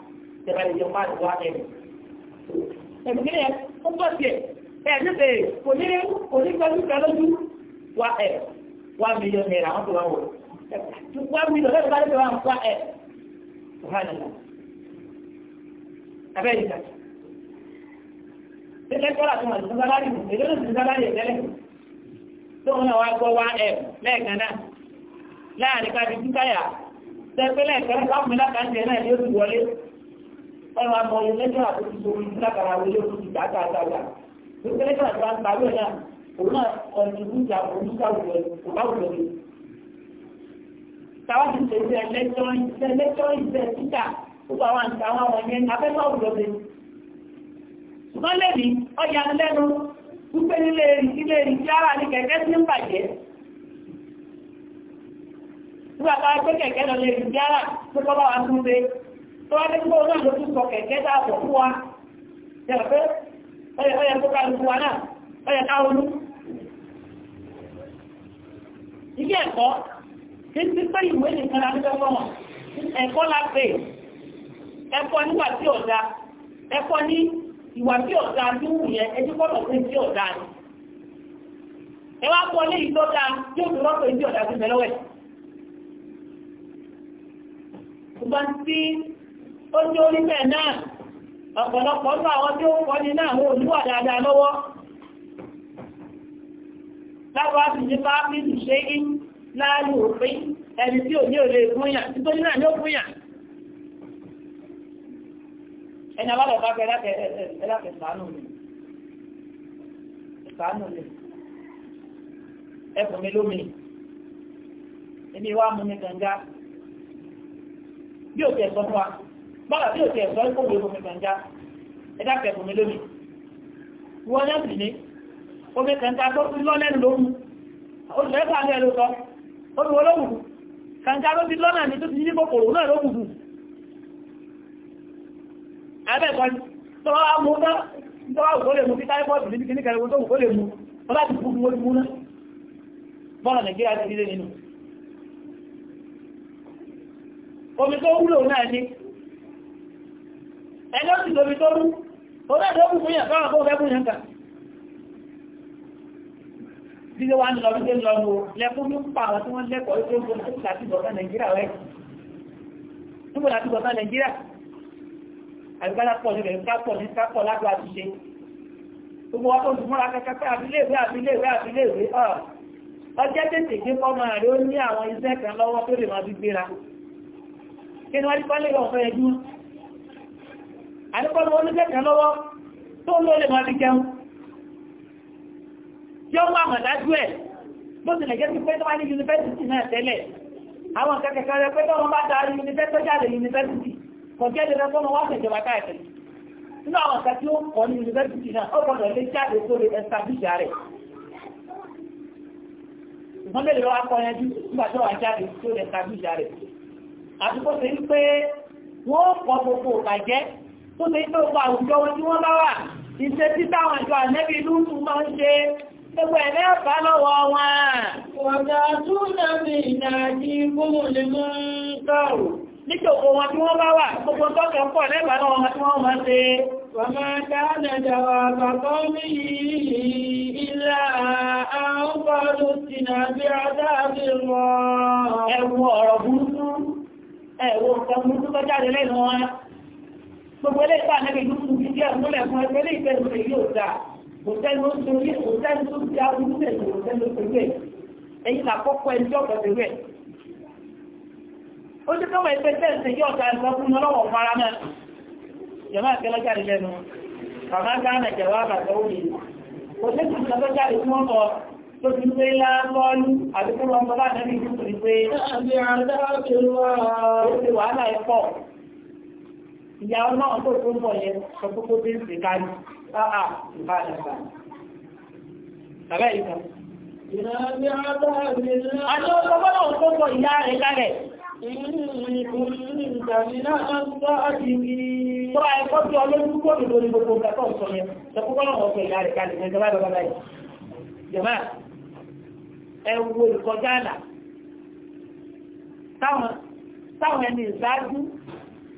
ìjọba ìjọ pàdé wá ẹ̀rù. ẹ̀mí ẹ̀ ó bọ̀ sí ẹ̀ ẹ̀ ní bẹ̀rẹ̀ kò ní kò ní gbọ́ sí kálójú wá ẹ̀ wá mílíọ̀n náírà wọ́n tó wá wọ̀ wá mílíọ̀n náírà wọ́n tó wá wá ẹ̀ wàhánàlá. abẹ́rẹ́ ìjà tẹ́tẹ́ tọ́lá tó wà ní sábàlárì èdè ló ti sábàlárì ìtẹ́lẹ̀ tóun náà wá gbọ́ wá ẹ̀ lẹ́ẹ̀kan náà láàrin ká ẹnu àmọ́ lẹ́jọ́ àti sori lákàrà nílé ilé ìdí ara ní kẹ̀kẹ́ sí ń bàjẹ́. nígbà táwa kẹ̀kẹ́ lọ lè ìdí ara tó kọ́ bá wa tún tọ́wọ́ ní kó náà ló tún sọ kẹ̀kẹ́ dáàbò fún wa yẹ̀rọ pé ọyẹ kó ká lùkú wa náà ọyẹ ká olú ilé ẹ̀kọ́ tí ti pé ìwé nìkan la nígbà fọ́ wọn ẹ̀kọ́ la pè ẹ̀kọ́ nígbà tí ọ̀dà ẹ̀kọ́ ní ìwà tí ọ̀dà ní ni ẹ wá kọ́ lé ìtọ́jà yóò fi rọ́pò ìdí ọ̀dà sí ó tí ó rí bẹ́ẹ̀ náà ọ̀pọ̀lọpọ̀ ní àwọn tí ó kọ́ ní náà ó lúwà dáadáa lọ́wọ́ lábọ́ sì ní bá fi lù ṣe í láàrín òfin ẹni tí ò ní ò lè tí tó ní náà ẹni abálọ̀ bá bẹ láfẹ̀ sàánù mi sàánù mi bí òkè sọ fún wa bọ́lá tí ò ẹ̀sọ́ ikú mi omi ẹ̀dá kẹfù lómi wọ́n yá sì ní omi kànga tó ti lọ lóhun oṣù ẹ̀fà ní ẹ̀lú sọ omi wọ́n lóhùn tó ti lọ́nà ní tó ti ní kòkòrò náà lóhùn omi tó wúlò náà ní ẹni ó sì lóbi tó rú tó lẹ́dọ̀ òkú fún yàn káwọn kó fẹ́ fún dídé wá ń lọ bí dé lọ nù lẹ́kún ní pa àwọn tí wọ́n lẹ́kọ̀ọ́ tó ń láti bọ̀tá Nàìjíríà rẹ̀ níbo láti bọ̀tá Nàìjíríà àgbàlá pọ̀ nílẹ̀ kápọ̀ ní kápọ̀ láti wá ti ṣe gbogbo wa tó ń múra kẹkẹkẹ àbíléèwé àbíléèwé àbíléèwé ọjọ́ tètè gbé kọ́mọ rẹ̀ ó ní àwọn iṣẹ́ kan lọ́wọ́ tó lè máa fi gbéra kí ni wọ́n ti pálẹ̀ ọ̀fẹ́ ẹjú àníkọ́lọ́ oníkẹ́kẹ́ lọ́wọ́ tó ló lè máa fi jẹun tí ó máa mọ̀dájú ẹ̀ bó ti lè jẹ́ pé tó wá ní yunifásitì náà tẹ́lẹ̀ àwọn kẹ́kẹ́kẹ́ rẹ̀ pé tọ́wọ́n bá darí yunifásitì jáde yunifásitì kò jẹ́ dandan tó wọ́n wá fẹ̀ jọba káàkiri nínú àwọn kan tí ó kọ́ ní yunifásitì náà ó gbọ́dọ̀ lé jáde gbogbo ìbàjẹ́ tó ṣe tó gba àwùjọ wọn bá wà ìṣe tí táwọn ìjọ ànẹ́bí lúùtù máa ń ṣe gbogbo ẹ̀lẹ́ ọ̀pá lọ́wọ́ wọn. ọ̀gá túnà mi ìnàjí ọ̀rọ̀ burúkú ẹ̀wọ̀ nǹkan burúkú tó jáde lẹ́nu wọn gbogbo eléyìí bá nẹ́bí ló kú jíjẹ́ ìmúlẹ̀ fún ẹgbẹ́ eléyìí bẹ́ẹ̀ yóò dáa kò torí kò tó ti arúgbó lè kò sẹ́ni torí ẹ̀ ẹ̀yìn àkọ́kọ́ ẹni tí ọ̀pọ̀ ó ti tọ́wọ́ ẹgbẹ́ tẹ̀sí yóò ta ẹ̀sọ́ fún mi fara náà jẹ̀má àkẹ́lẹ́ jáde lẹ́nu bàbá gánà jẹ̀wá bàtà ó yìí kò sí kò sọ́tọ́ jáde fún ọkọ̀ tó ti pé lábọ́ọ̀lù àdúgbò wọn bá nẹ́bí ìdúkùn ní pé ó ti wàhálà ẹ̀pọ̀ ìyá náà tó tó ń bọ̀ yẹn sọ pé kó dé kárí áà ìbá àdàgbà tàbẹ́ ìkan. àti ọ̀sọ̀ gbọ́dọ̀ tó ń bọ̀ ìyá rẹ̀ kálẹ̀. Tọ́ra ẹ̀kọ́ tí ọlọ́dún kó lè lórí gbogbo nǹkan tó ń sọ yẹn, sọ pé kọ́lọ̀ ọ̀sọ̀ ìyá rẹ̀ kálẹ̀ ẹ̀jẹ̀ báyìí báyìí. Jẹ̀má ẹ wo ìkọjá àlà táwọn ẹni ìṣáájú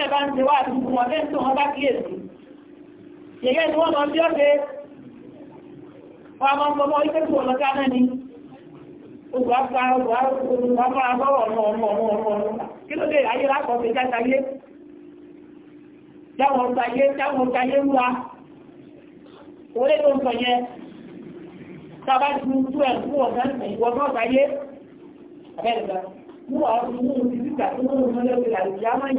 ẹ̀ ń ṣe àti fún wọn tó wọn bá kíyèsí yẹ̀yẹ́ ni wọ́n lọ sí ọ̀dẹ́ wọn máa ń gbọmọ tó lọ dáná ni ògbà pa ògbà ògbà pa àbọ̀wọ̀ ọ̀nà ọ̀nà ọ̀nà ọ̀nà kí ló dé ayé lápọ̀ fi játa yé jáwọn ọ̀tà yé jáwọn ọ̀tà yé wá orí tó ń sọ yẹ sábà ju tú ẹ̀ fún ọ̀gá ìwọ̀n náà sáyé abẹ́rẹ́ gbà mú àwọn ọmọ mi ti dìgbà tó ń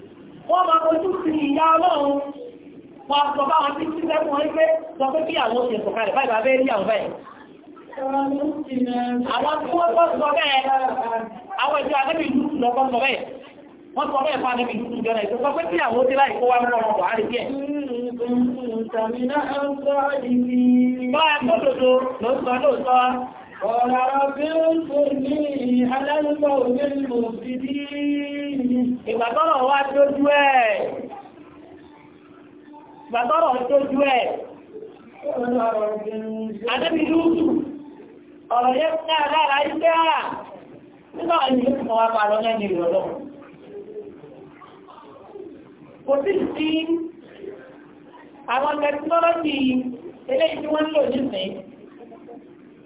wọ́n máa ojú sí ìyá ọlọ́run wọ́n sọ wọn tí tí lẹ́kùn wọn pé sọ pé kí àwọn òṣèlú kalẹ̀ báyìí bàbá rí àwọn bẹ́ẹ̀. àwọn tí wọ́n kọ́ sọ bẹ́ẹ̀ àwọn ìjọ adébí wọ́n sọ bẹ́ẹ̀ fún adébí ìlú jọ náà sọ pé kí àwọn òṣèlú láì kó wá ọmọ Buhari díẹ̀. báyà قال رب انصرني على القوم المفسدين ìgbà tọ́rọ̀ wá dójú ẹ̀ ìgbà tọ́rọ̀ dójú ẹ̀ adébí lúùtù ọ̀rọ̀ yẹ́ fún àdára iṣẹ́ à nígbà ní ìfún wa pàdọ́ lẹ́nu ìrọ̀lọ́ kò sí sí àwọn tẹkinọ́lọ́jì eléyìí tí wọ́n lò nísìnyí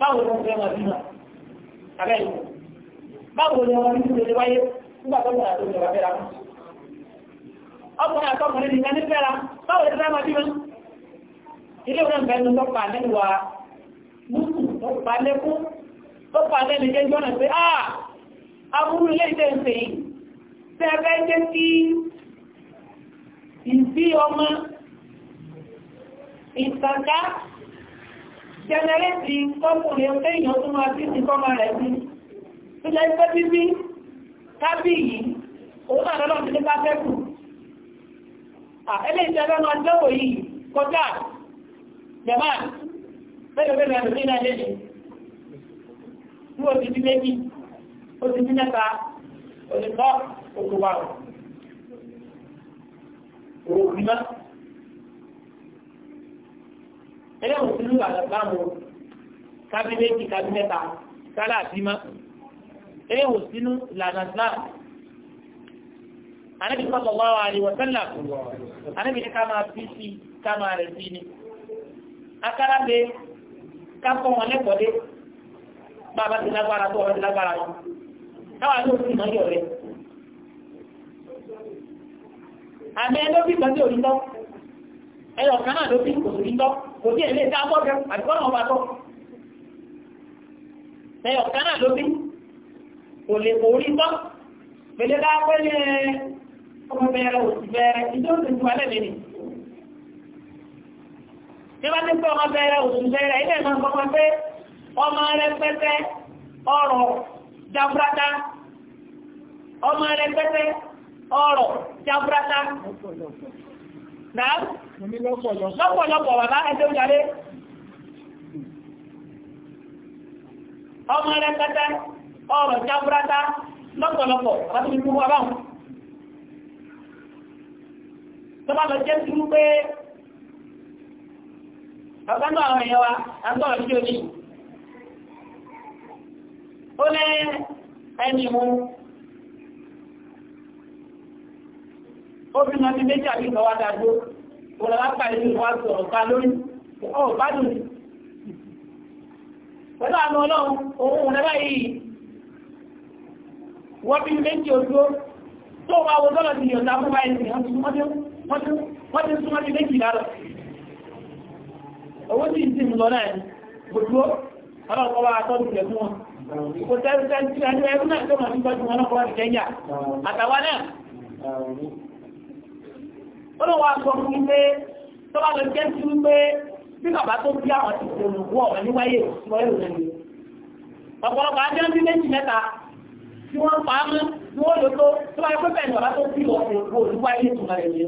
báwo ló ń fẹ́ wọn bímọ abẹ́ ìlú báwo ni wọn nítorí lè wáyé nígbà tó múra tó ń jọba fẹ́ra ọkùnrin àtọkùnrin nìkan ní fẹ́ra báwo lè fẹ́ wọn bímọ ilé ìwé ìgbà ẹnu tọ́pa lẹ́nu wa mútu tọ́pa lẹ́kún tọ́pa lẹ́nu jẹ́ jọ́nà pé a aburú ilé ìtẹ́ ń pè yìí tẹ́ fẹ́ jẹ́ sí ìbí ọmọ ìtànká jẹnẹrẹ́tì kọkùnrin ọ̀tẹ́ èèyàn tó máa bí sí kọ́mà rẹ̀ bí tó jẹ́ pẹ́ bíbí tábí yìí òun náà lọ́nà ti ní bá fẹ́kù ẹlẹ́ ìṣẹ́ lọ́nà ọjọ́wò yìí kọjá jẹ̀má bẹ́ẹ̀rẹ̀ bẹ́ẹ̀rẹ̀ nínú ilé yìí ní oṣù tí méjì oṣù tí mẹ́ta òṣìṣọ́ òṣùwà òṣùwà ẹlẹ́wọ̀n sínú àlàbámu kábínẹ́tì kábínẹ́ta kálá àbímá ẹlẹ́wọ̀n sínú ìlànà islam anábì sallallahu alaihi wa sallam anábì ní ká máa fi sí ká máa rẹ̀ sí ni akálàgbé ká kọ́ wọn lẹ́kọ̀ọ́dé bá a bá ti lágbára tó ọ̀rọ̀ ti lágbára wọn káwá ló sì mọ́ yọ̀ rẹ̀ àmì ẹlóbì kan tí òrìńtọ́ ẹyọ̀ kan náà ló fi kò sí ríńtọ́ kò tí ẹ̀ lè dá bọ́ọ̀dù àdìgbọ́nà ọba tọ́ ẹ̀yọ̀ kan náà ló bí kò lè kò rí tọ́ pẹ̀lẹ́ bá pẹ́ ní ọmọ bẹ̀rẹ̀ òsì bẹ̀rẹ̀ ìjọ òsì tí wà lẹ́lẹ́ ni tí wọ́n ti pẹ́ ọmọ bẹ̀rẹ̀ ọmọ pé ọmọ ọrọ̀ jaburata náà ọmọ rẹ̀ pẹ́tẹ́ ọ̀rọ̀ jábúrátá lọ́pọ̀lọpọ̀ láti fi gbogbo abáhùn lọ jẹ́ sí wípé ọ̀gánà àwọn èèyàn wa àtọ́rọ̀ sí omi ó lẹ́ ẹni mú ó fi máa fi méjì àbí ìgbà wá dáadó wọn lọ́wọ́ pàdé ní wá sọ̀rọ̀ ká lórí ọ̀ gbádùn ní. pẹ̀lú àwọn ọlọ́run òun òun lẹ́wọ́ yìí wọ́n fi méjì ojú tó wá wo lọ́lọ́ ti yọ̀ta fún báyìí sí wọ́n ti súnmọ́ ti méjì lárọ̀ owó sì ń sìn lọ náà gbogbo ọlọ́pàá wa tọ́jú rẹ̀ fún wọn kò tẹ́lifíṣẹ́ ẹni ẹ̀rú náà tó mọ̀ nígbàjú wọn náà kọ́ àtàwọn olówó aṣọ fún un tó bá lọ jẹ́ sí un bí bàbá tó bí àwọn ti kò lù wọ́ ọ̀rẹ́ níwáyé lọ́yẹ̀ òní ọ̀pọ̀lọpọ̀ ajá bí méjì mẹ́ta tí wọ́n pa mú tí wọ́n lò tó tó bá yẹ pé bẹ́ẹ̀ tó bí wọ́n kò olúwáyé ìtura rẹ̀ ni.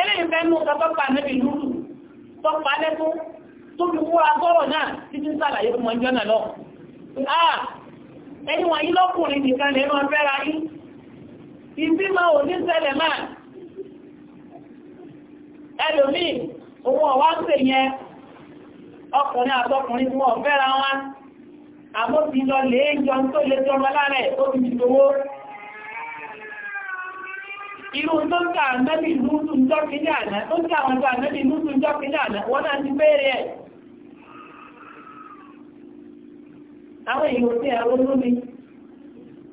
eléyìí fẹ́ mú ọ̀sán tọ́pa níbi lúlù tọ́pa lẹ́kún tó fi wú agbọ́rọ̀ náà títí sàlàyé fún ọjọ́ náà lọ. Ah, ẹni wọ̀nyí lọ́kùnrin nìkan lè máa fẹ́ra yín ìbímọ ò ní ṣẹlẹ̀ máa ẹlòmí owó ọwá ń pè yẹn ọkùnrin àtọkùnrin fún ọ̀fẹ́ra wọn àmóbi lọ lè jọ tó lè jọ lọ́lárẹ̀ ó ti ti lówó irú tó ń ká àmẹ́bì lúúsù ń jọ́kílẹ̀ àná tó ń àwọn ti bẹ́ẹ̀rẹ̀ ẹ̀ àwọn èèyàn tí ẹ̀rọ lómi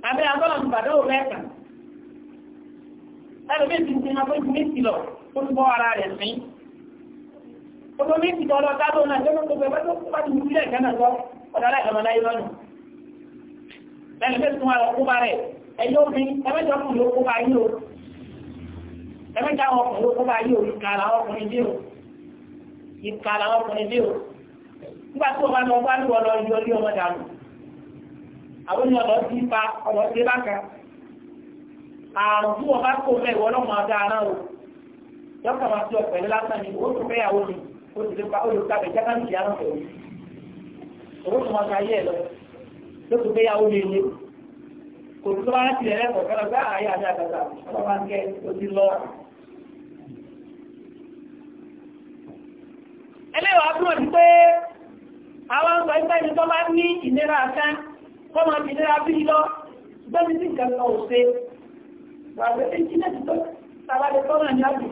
abẹ́ agbọ́nà ìbàdó rẹ̀ ẹlòmíì ti ti máa fún méjì lọ tó ń bọ́ ara rẹ̀ sí gbogbo méjì tó lọ sábà náà tó gbogbo ẹgbẹ́ tó bá ti wúlẹ̀ ìkànnà sọ ọ̀dà aláìsàn láyé lọ́nà ẹlòmíì tún wà lọ kó bá rẹ̀ ẹ̀yọ́ mi ẹgbẹ́jọ́ kùn ló kó bá yí o ẹgbẹ́jọ́ àwọn ọkùnrin ló kó bá yí àwọn ènìyàn sí ipa ọmọ sí bákan àrùn tí ọba bá mẹ́ ìwọ náà máa ya o dókítà máa ti ọ̀pẹ̀ lásán ni ó tún fẹ́yàwó ni ó ti lè pa olùkàbẹ̀ jákàndì àrùn máa ayé ẹ̀ lọ ló tún fẹ́yàwó ni ilé kò tó bá ti rẹ̀ lẹ́kọ̀ọ́ fẹ́ràn gbá àyè àti àgbàgbà ọlọ́wà ń kẹ́ ti lọ. pé àwọn ni tó bá ní gbàgbé méjì náà ti tó sábà lè tọ́nà ní àbí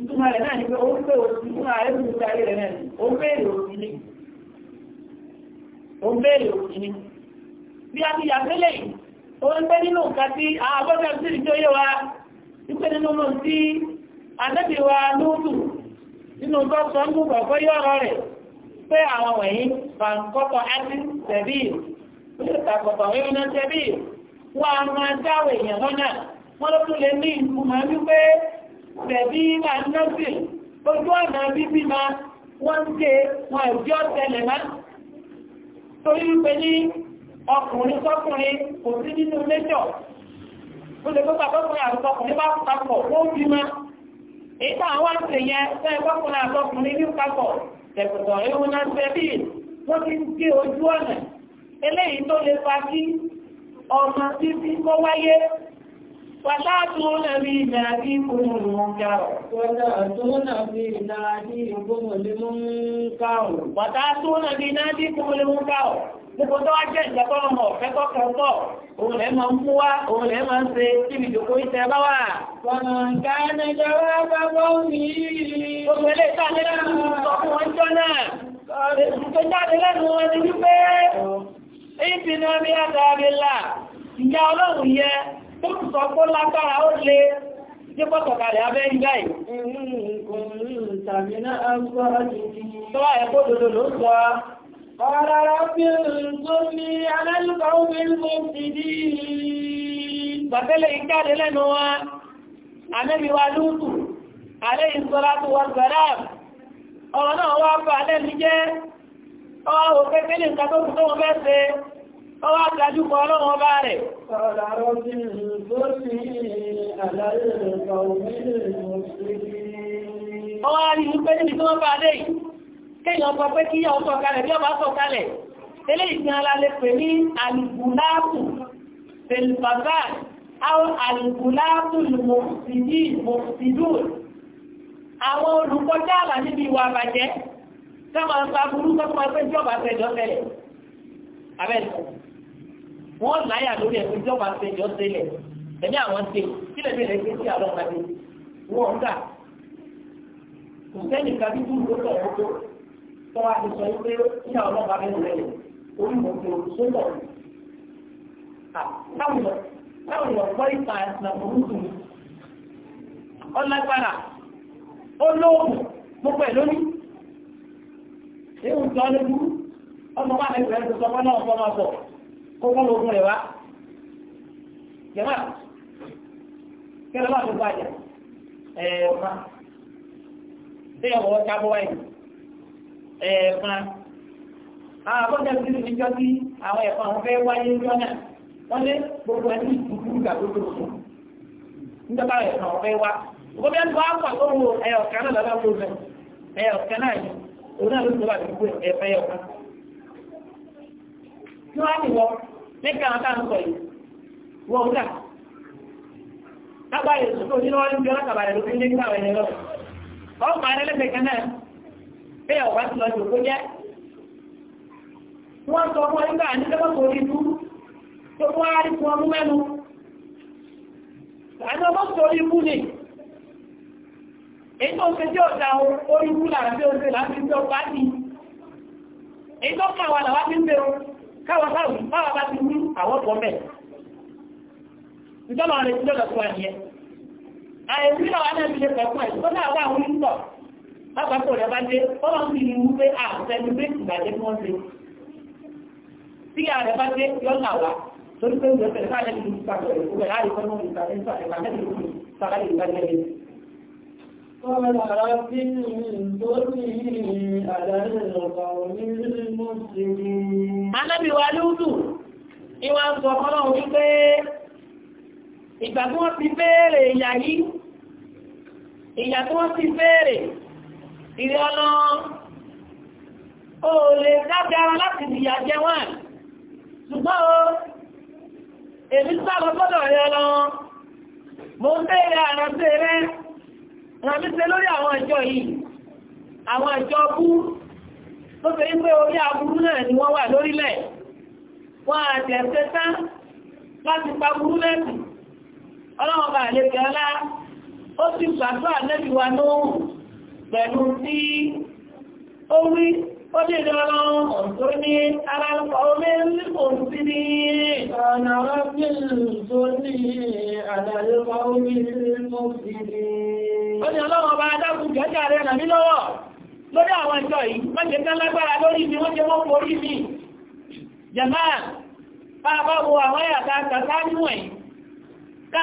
ìtumọ̀ rẹ̀ náà ni pé ó ń pè òsì fún ààrẹ tó ti ayé rẹ̀ náà ni ó ń béèrè òsì ni ó ń béèrè òsì ni bí a ti yà sílẹ̀ yìí ó ń pẹ́ nínú nǹkan tí àgbọ́dọ̀ sí ìjọ yé wa wípé nínú mọ̀ sí àdẹ́bí wa lóòtù nínú àwọn wọ́n a máa dáwọ̀ èèyàn lọ́nà wọ́n ló tún lè ní ìkùnmọ̀ wípé bẹ̀bí máa ń nọ́sìn ojú ọ̀nà bíbí máa wọ́n ń ké wọn ìdí ọ̀tẹlẹ̀ má torí wípé ní ọkùnrin sọ́kùnrin kò sí nínú lẹ́jọ́ ó lè gbọ́gbà tọ́kùnrin àtọkùnrin bá papọ̀ ó bí ma èyí táwọn wá ń pè yẹn fẹ́ tọ́kùnrin àtọkùnrin ní papọ̀ tẹ̀kùtọ̀ ewu náà ń bẹ bíi wọ́n ti ń gé ojú ọ̀nà eléyìí tó lè fa kí ọmọ títí kó wáyé Wàtàtún nàbí ìdájí kúrò mú káàrù. Wàtàtún nàbí ìdájí kúrò mú káàrù. Gbogbo tó wá jẹ́ ìjẹ́kọ́ ọmọ ọ̀fẹ́kọ́ kẹ́kọ́, òun lẹ́ máa ń mú wá, òun lẹ́ máa ń ṣe tí mi jòkó ìtẹ́ bá wà. Wọ̀nà ǹkà ẹnẹjọ́ wá gbogbo mi. Gbogbo ilé ìtàlẹ́lẹ́nu sọ ìbìnà rí àdárílà ìyá ọlọ́run yẹ tó ń sọ pó lágbára ó lè jẹ́ pọ́tọ̀kàlẹ̀ abẹ́ ìgbà Bàtẹ́lẹ̀ ìjáde lẹ́nu wa, àmẹ́bí wa lúùtù, àlẹ́ ìsọ́lá tó wà gbẹ̀rẹ̀ ọ̀rọ̀ náà wá bá lẹ́nu jẹ́ ọwọ́ wò pé kí ní nǹkan tó kù tó wọn fẹ́ ṣe ọwọ́ àtàjú kọ ọlọ́run rẹ̀. ọ̀làrọ̀ ti rìn i pé níbi tí wọ́n bá dé yìí kéèyàn sọ pé kíyà ó sọ̀kalẹ̀ bí ọba sọ̀kalẹ̀ eléyìí ti ara lè pè ní alùgbùláàpù pẹ̀lúpàá àwọn alùgbùláàpù lùmọ̀sídìí mọ̀sídùn àwọn olùkọjá àlà níbi ìwà àbàjẹ́ sáwọn ń bá burú kọ́kọ́ pé jọba àtẹjọ́ tẹ̀lẹ̀ abẹ́lẹ̀ wọ́n láyà lórí ẹ̀kọ́ jọba àtẹjọ́ tẹ̀lẹ̀ ẹ̀mí àwọn tẹ̀ kí lè bẹ̀rẹ̀ pé kí àlọ́ pàdé wọ́n ń gà kò sẹ́ni kàbí dúró tó tọ̀ ọ́ tó wá ti sọ pé kí àwọn ọlọ́pàá bẹ̀rẹ̀ lẹ́yìn orí mọ̀ tó sọ́tọ̀ táwọn lọ gbọ́ ìta ẹ̀sìn àbúrúkú ọlágbára olóògùn gbogbo ẹ̀ lónìí ewu ń tọ́ lójú ọmọ bá ní ìrẹsì sọmọ náà fọ́ máa bọ̀ kó kọ́ lóògùn rẹ̀ wá. ń náà òun náà ló ti wà ní gbogbo ẹ̀fẹ́ yọ̀ kan. Kí wọ́n á nìwọ lẹ́ka àwọn táwọn sọ yìí, wọ́n ń dà. Lágbàá yẹn sọ́kò nínú wọn ń bí ọlọ́kàbà rẹ̀ lókè kan náà, bẹ́ẹ̀ ọ̀gá ti lọ sí òkú jẹ́. Wọ́n sọ fún ọdún ní sẹ́kọ̀ọ́ kò rí tú, tó fún arí fún ọdún mẹ́nu. Àjọ èyí tó ń ṣe tí ó da orí kúlà tí ó ṣe láti tí ó bá ní èyí tó káwà làwá ti ń bẹ̀rù káwà sáàrùn báwà bá ti ní àwọn ọ̀pọ̀ mẹ́ ìjọba rẹ̀ tí ó lọ sí wa nìyẹn àìsí làwà náà ti lè pẹ̀ fún ẹ̀sùn tó náà wà àwọn onígbọ̀ lápapọ̀ rẹ̀ bá dé ó lọ sí ìlú pé àfẹ́ni pé ìgbàdé fún ọ́n ṣe tí a rẹ̀ bá dé yọ́nà wa torí pé ìgbẹ̀fẹ̀ ولا تنظرني على القوم المسلمين Ànábì wa Lúùtù ìwà ń sọ fọ́lọ́run wípé ìgbà tí wọ́n ti béèrè ìyà yìí ìyà tí wọ́n ti béèrè ìrẹ́ ọ̀nà o lè dágbára láti ìyà jẹ wọ́n ṣùgbọ́n o èmi sáàlọ́gbọ́dọ̀ rẹ̀ lọ mo ń béèrè àrántẹ́ rẹ̀ ràn mí ṣe lórí àwọn àjọ yìí àwọn àjọ bú tó fẹ́ pé orí aburú náà ni wọ́n wà lórílẹ̀ wọ́n àtẹ̀ẹ́sẹ́ tán láti pa burú lẹ́sì ọlọ́wọ́n bá lè fẹ́ ọlá ó ti gbàgbọ́ àlẹ́bí wa lóhùn pẹ̀lú tí ó wí وبدرهم انصرني على القوم المفسدين أنا رب انصرني على القوم المفسدين Ọdí ọlọ́wọ́ bá dákùn jẹ́jà rẹ̀ nà mí lọ́wọ́ lórí àwọn ìjọ yìí, wọ́n jẹ́ lágbára lórí mi, wọ́n jẹ́ wọ́n porí mi. Jẹ̀má, bàbá wo àwọn ìyàtà kàtà níwọ̀n yìí, ká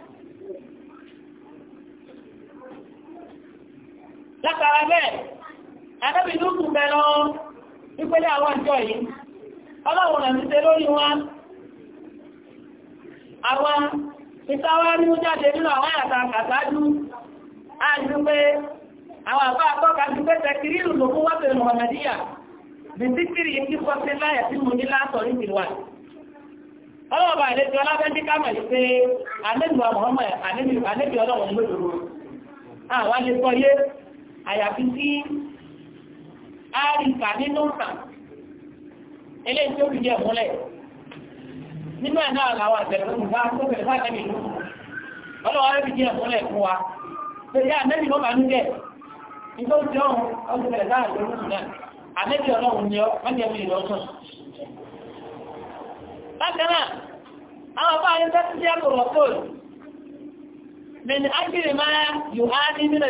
látara bẹ́ẹ̀ anábì lókùn bẹ̀rọ ìpele àwọn ìjọ yìí ọlọ́run àti ṣe lórí wọn àwọn ìtawárí jáde nínú àwọn àtàkàtàájú àwọn ti tẹkiri ìlú fún mọ̀mọ̀díyà bí kíkọ́ sí tí mo ní látọ̀ ní ọlọ́ọ̀bà ìlẹ́tì ká pé ló àwọn àyàfi tí a rí kà nínú ìtàn eléyìí tó fi jẹ́ ìmúlẹ̀ nínú ẹ̀ náà làwọn àtẹ̀lẹ́ fún tó fẹ̀rẹ̀ fún àtẹ̀lẹ́ ìlú ọlọ́wọ́ rẹ̀ fi jẹ́ ìmúlẹ̀ fún wa pé yá àmẹ́bí ló máa jẹ́ nítorí tí ọdún náà àmẹ́bí ọlọ́run ni ọ bákan náà àwọn bá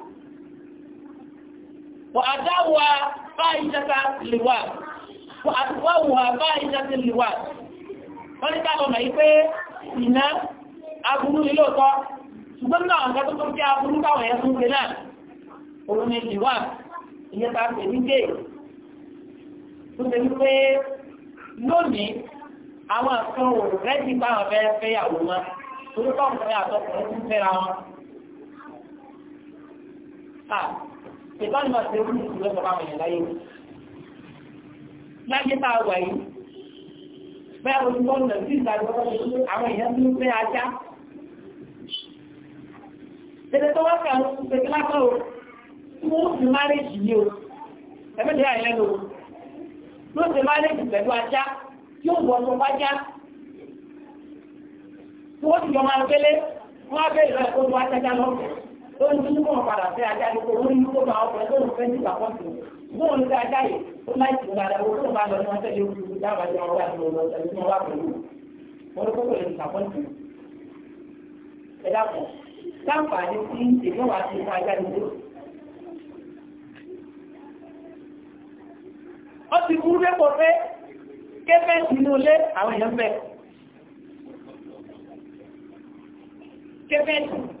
وأداؤها فاحشة اللواء وأطفاؤها فاحشة اللواء wọ́n ní káàkọ̀ mẹ́ pé ìná aburú ní lóòtọ́ ṣùgbọ́n náà nǹkan tó tó kí aburú káwọn ẹ̀ fún náà òun ni ìwà ìyẹn ta pè ní gé tó ṣe wípé lónìí àwọn àkan òòrùn rẹ́jì báwọn fẹ́ fẹ́ yàwó wọn ṣèbáni máa ṣe orí ìṣúlẹ̀ sọ fáwọn èèyàn láyé láyé yìí bẹ́ẹ̀ ojú bọ́ọ̀lù náà sí ìgbà ìgbà ìgbà àwọn èèyàn ti ń fẹ́ ajá tẹ̀lé tó wá kà tó ń tún mọ̀ padà fẹ́ ajá ní kó lórí kó máa ọkọ̀ tó ń fẹ́ ní ìgbàkọ́sì bóun ní ajá yìí ó láì tún lára owó tó bá lọ ní wọn tẹ́lẹ̀ ojú dábàá tí wọn wá ní ọ̀rọ̀ tẹ̀lé wọn wá pẹ̀lú wọn ló kókò lè ní ìgbàkọ́sì ẹ dàpọ̀ láǹfààní sí ìgbọ́wà sí ìfún ajá ní ó ti kú dépò pé kẹfẹ́ sínú ilé àwọn èèyàn bẹ̀ kẹfẹ́ sínú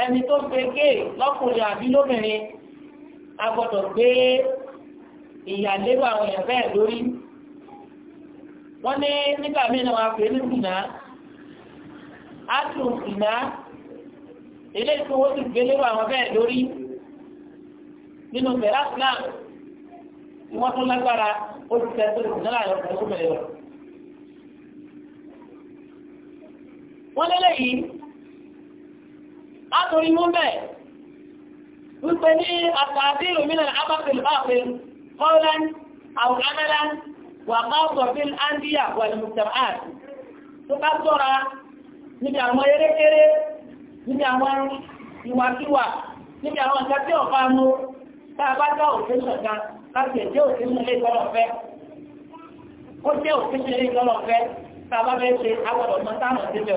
ẹni tó gbé géè lọ́kùnrin àbí lóbìnrin a gbọ́dọ̀ gbé ìyàlérò àwọn èèyàn bẹ́ẹ̀ lórí wọ́n ní nígbà mìíràn wà pé ní ìgbìnà á tún ìgbìnà ilé ìfowó ti gbé lérò àwọn bẹ́ẹ̀ lórí nínú bẹ̀rẹ̀ àtúnà wọ́n tún lágbára ó ti tẹ́ tó ìgbìnà láàrin ọkùnrin tó bẹ̀rẹ̀ wọ́n lélẹ́yìí látòrí mú bẹ́ẹ̀ wípé ní àtàdírò mìíràn abáfẹ́lú àfẹ́ kọ́lán àwọn amẹ́lán wà káàkọ̀ fíl andíyà wà ní mùsàmáàt tó bá tọ́ra níbi àwọn erékeré níbi àwọn ìwàkíwà níbi àwọn nǹkan tí ọ̀fà mú tá a bá dá òfin ṣọ̀gá láti ẹ̀jẹ̀ òfin ṣe lé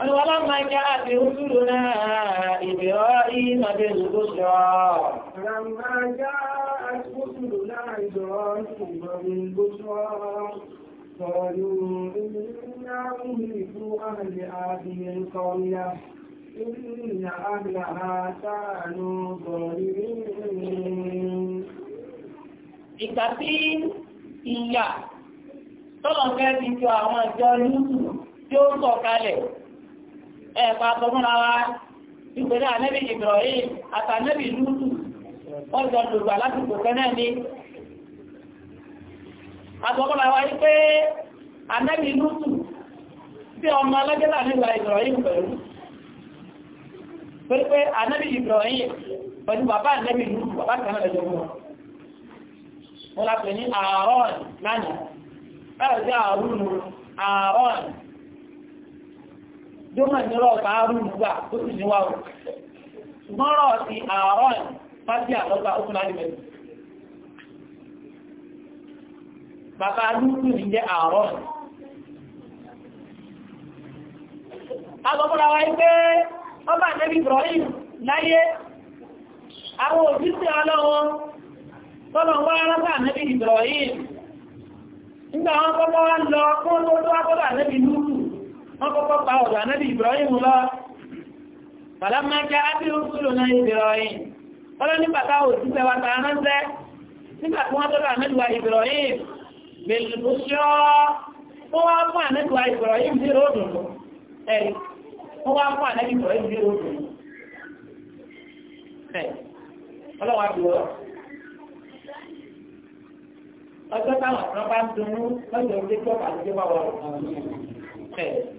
ولما جاء برسلنا إبراهيم بالبشرى لما جاءت رسلنا إبراهيم بالبشرى قالوا إنا أهلكوا أهل هذه القرية إن أهلها كانوا ظالمين ìgbà tí ìyà tọ́lọ̀ fẹ́ ti jọ àwọn ìjọ lútù tí ó sọ kalẹ̀ ẹ̀ẹ̀pá tọmúra wa ìgbèrè ànẹ́bì Ibrahim àtànẹ́bì lútù ọjọ́ lògbà láti kò fẹ́ náà ní àtọmúra wa yí pé ànẹ́bì lútù tí ọmọ alágẹ́lá nígbà Ibrahim pẹ̀lú pẹ̀lú pé ànẹ́bì Ibrahim pẹ̀lú bàbá ànẹ́bì lútù bàbá kanáà lẹ́jọ́ mọ́ jọmọ̀ ìjọrọ̀ ọ̀pá àrùn nígbà tó sì níwá o mọ́rọ̀ ti àárọ̀ pàtí àlọ́gbà ó fúnlá bàbá lúkú ní jẹ́ àárọ̀ agbọ́gbọ́ra wa pé ọba nẹ́bí Ibrahim láyé àwọn òjíṣẹ́ Ibrahim wọ́n kọ́kọ́ pa ọ̀dọ̀ anábì Ibrahim lọ bàlámà jẹ́ ábírù sùlù náà Ibrahim wọ́n lọ ní bàtà òṣìṣẹ́ wa ta ránṣẹ́ nígbà wọ́n tọ́lá anábì Ibrahim bèlùbùṣọ́ wọ́n wá fún wọ́n wá fún Ibrahim ọjọ́ táwọn kan bá ń lọ́jọ́ ẹ̀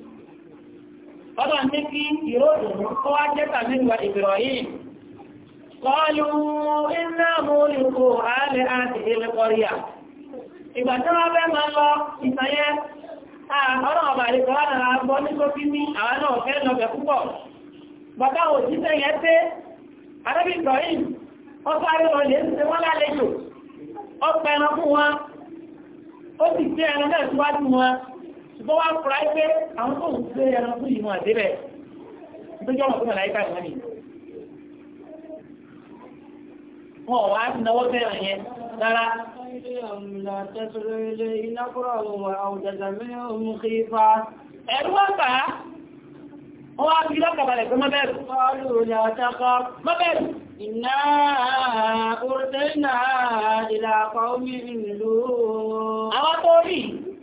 Ọlọ́ ní kí ìròdùn kọ́ wá jẹ́ta nígbà Ibrahim. Kọlu iná mú lùkò àti ilẹ̀kọ̀ríà. Ìgbà tí wọ́n fẹ́ máa lọ ìsanyẹ́, ọ̀rọ̀ ọba ìrìkọ̀ wà náà ní sókí ní àwọn púpọ̀. Bàbá òjíṣẹ́ pé, ọ mo wá fura yìí pé àwọn tó ń gbé ẹran fún ìmọ̀ àdébẹ̀ nítorí ọmọ tó mọ̀ láyé káàkiri ni. wọn ò wá náwó fẹ́ràn yẹn rárá. ẹ̀rú wọn bá wọ́n wá fi lọ́kàbalẹ̀ pé mọ́bẹ̀rù. ọlọ́run ni àtàkọ́. Iná òrùtẹ́ ìlàkọ̀ omi ìlú. Àwọn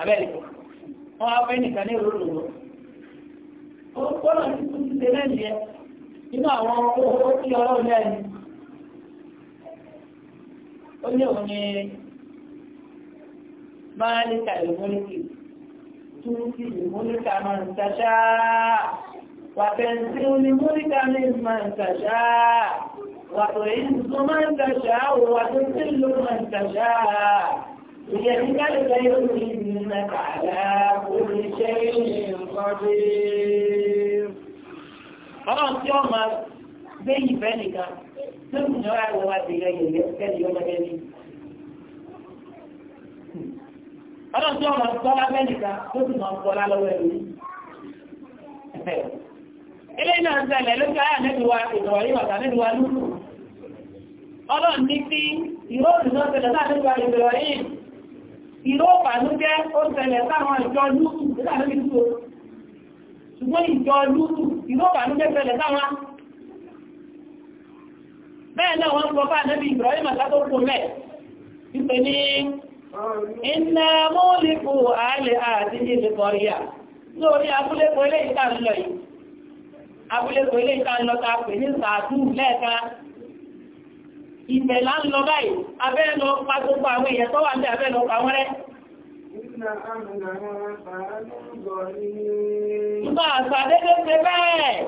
abẹ́rẹ́ wọn á fẹ́ nìkan ní ìlú lòlò kọ́nà ní tuntun ṣe náà nìyẹn nínú àwọn owó tí ọlọ́run náà ní ó ní òun ní máa ní kàlẹ́ mọ́lẹ́kì túnṣì mọ́lẹ́kà máa ń ṣàṣà wàtẹ̀sí ní máa ń ṣàṣà wàtò èyí tó máa ń ṣàṣà wàtò tí ló máa ń ṣàṣà. ليجعل إنك على كل شيء قدير خلاص يوم زي ذلك ثم نوع وادي يسكن يوم جديد Ọlọ́run tí ọmọ ìsọ́lá mẹ́lìkà tó sì máa ń sọ́lá lọ́wọ́ ẹ̀rù yìí. Ilé náà ń ṣẹlẹ̀ ló káyà nẹ́bíwá ìdọ̀wọ̀ yìí wàtà nẹ́bíwá lúrù. Ọlọ́run ní tí ìró ìbànújẹ́ ó ṣẹlẹ̀ sáwọn ìjọ lúrù nígbàtí lúrù ṣùgbọ́n ìjọ lúrù ìró ìbànújẹ́ ṣẹlẹ̀ sáwọn bẹ́ẹ̀ náà wọ́n sọ fáà nẹ́bí Ibrahim àtàkó kò mẹ́ ìpè ní iná mọ́lẹ́kù àálẹ̀ àti ilẹ̀ ìbẹ̀ là ń lọ báyìí abẹ́ lọ pa gbogbo àwọn èèyàn tó wà ní abẹ́ lọ pa wọ́n rẹ́ Ìgbà àṣàdé tó ṣe bẹ́ẹ̀.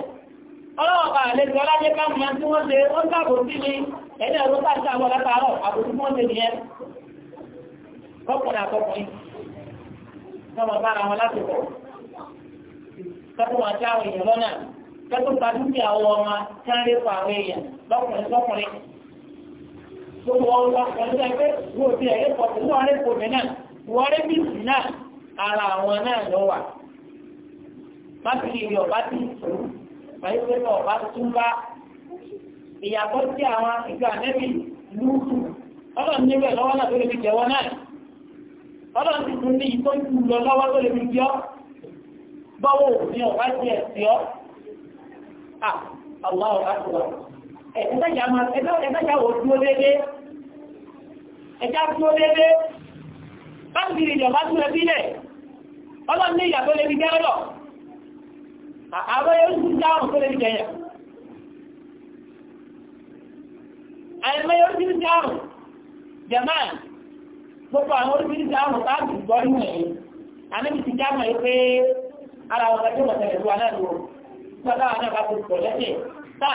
Ọlọ́wọ́ bá lè jọ lájẹ́ ká mọ́ tí wọ́n ṣe ó ni ẹ̀dẹ́ ọ̀rọ̀ bá ṣe àwọn látàárọ̀ àbòsí mọ́ ṣe nìyẹn. Kọ́kùnrin àkọ́kùnrin. Wọ́n mọ̀ bára wọn láti pọ̀. Kẹ́kùn wọn àwọn èèyàn lọ́nà. Kẹ́kùn ta dúkìá wọn wọn kí wọ́n lè pa àwọn èèyàn lọ́kùnrin lọ́kùnrin gbogbo ọwọ́ ọ̀gbọ̀n pé wo ti ẹ̀rẹ́ pọ̀ pẹ̀lú ọ̀rẹ́ pòmí náà wọ́rẹ́ bìsì náà ara àwọn náà ló wà. má fi ìrìn ọ̀bá tí ì tù pẹ̀lú pé ọ̀bá tún bá ìyàtọ̀ sí àwọn ìgbà nẹ́bí lúùtù ọlọ́run níbẹ̀ lọ́wọ́ náà e wò dúó dédé báńkì ìjọba tún ẹbí lẹ̀ ọlọ́run ní ìyàtọ̀ lè fi jẹ́ ọlọ́ àwọn yóò tún tó lè fi jẹyàn àìmọ́ yóò tún já ọ̀rùn jẹ̀má gbogbo àwọn oríṣiríṣi àrùn gbọ́ ti pé ara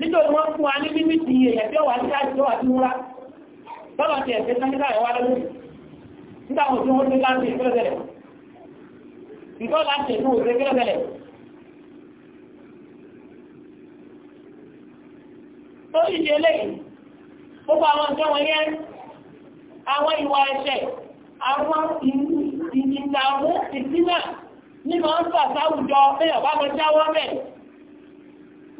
nítorí wọ́n fún wa ní bíbí tí ó tí ó wà tí láti ìfẹ́lẹ́sẹ̀lẹ̀ àwọn ìwà ẹ̀ṣẹ̀ àwọn ìyìnlá àwọn ìsínà nínú ọ̀sán sáwùjọ bẹ́ẹ̀ bá lọ jáwọ́ bẹ́ẹ̀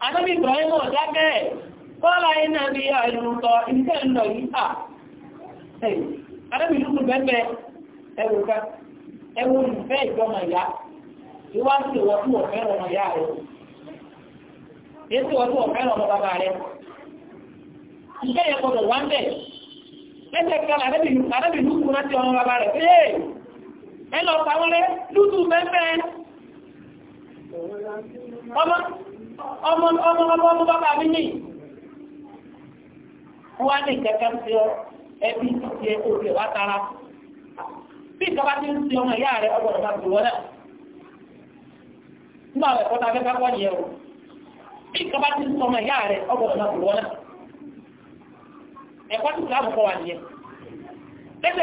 anábì Ibrahim dákẹ́ kọ́lá iná bí àìlùtọ̀ ìfẹ́ ń lọ yìí à anábì lùkù bẹ́ẹ̀ ẹwù ká ẹwù ìfẹ́ ìjọmọ̀ ìyá ìwádìí wọ́n tún ọ̀fẹ́ ọmọ ìyá rẹ̀ èsì wọ́n tún ọ̀fẹ́ ọmọ bàbá rẹ̀ ìfẹ́ yẹn kọ́dọ̀ wá ń bẹ̀ lẹ́sẹ̀ kan anábì lùkù rántí ọmọ bàbá rẹ̀ ẹ ọmọ ọmọ ọmọ ọmọ bàbá mi ní wọ́n ní kẹ́kẹ́ ń fi ẹbí ti òkè wá tara bí ìjọba ti ń fi ọmọ ìyá rẹ ọgbọ̀n ọ̀gá gbòòwò náà nínú àwọn ẹ̀kọ́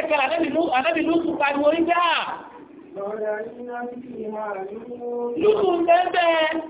tá a fẹ́ kí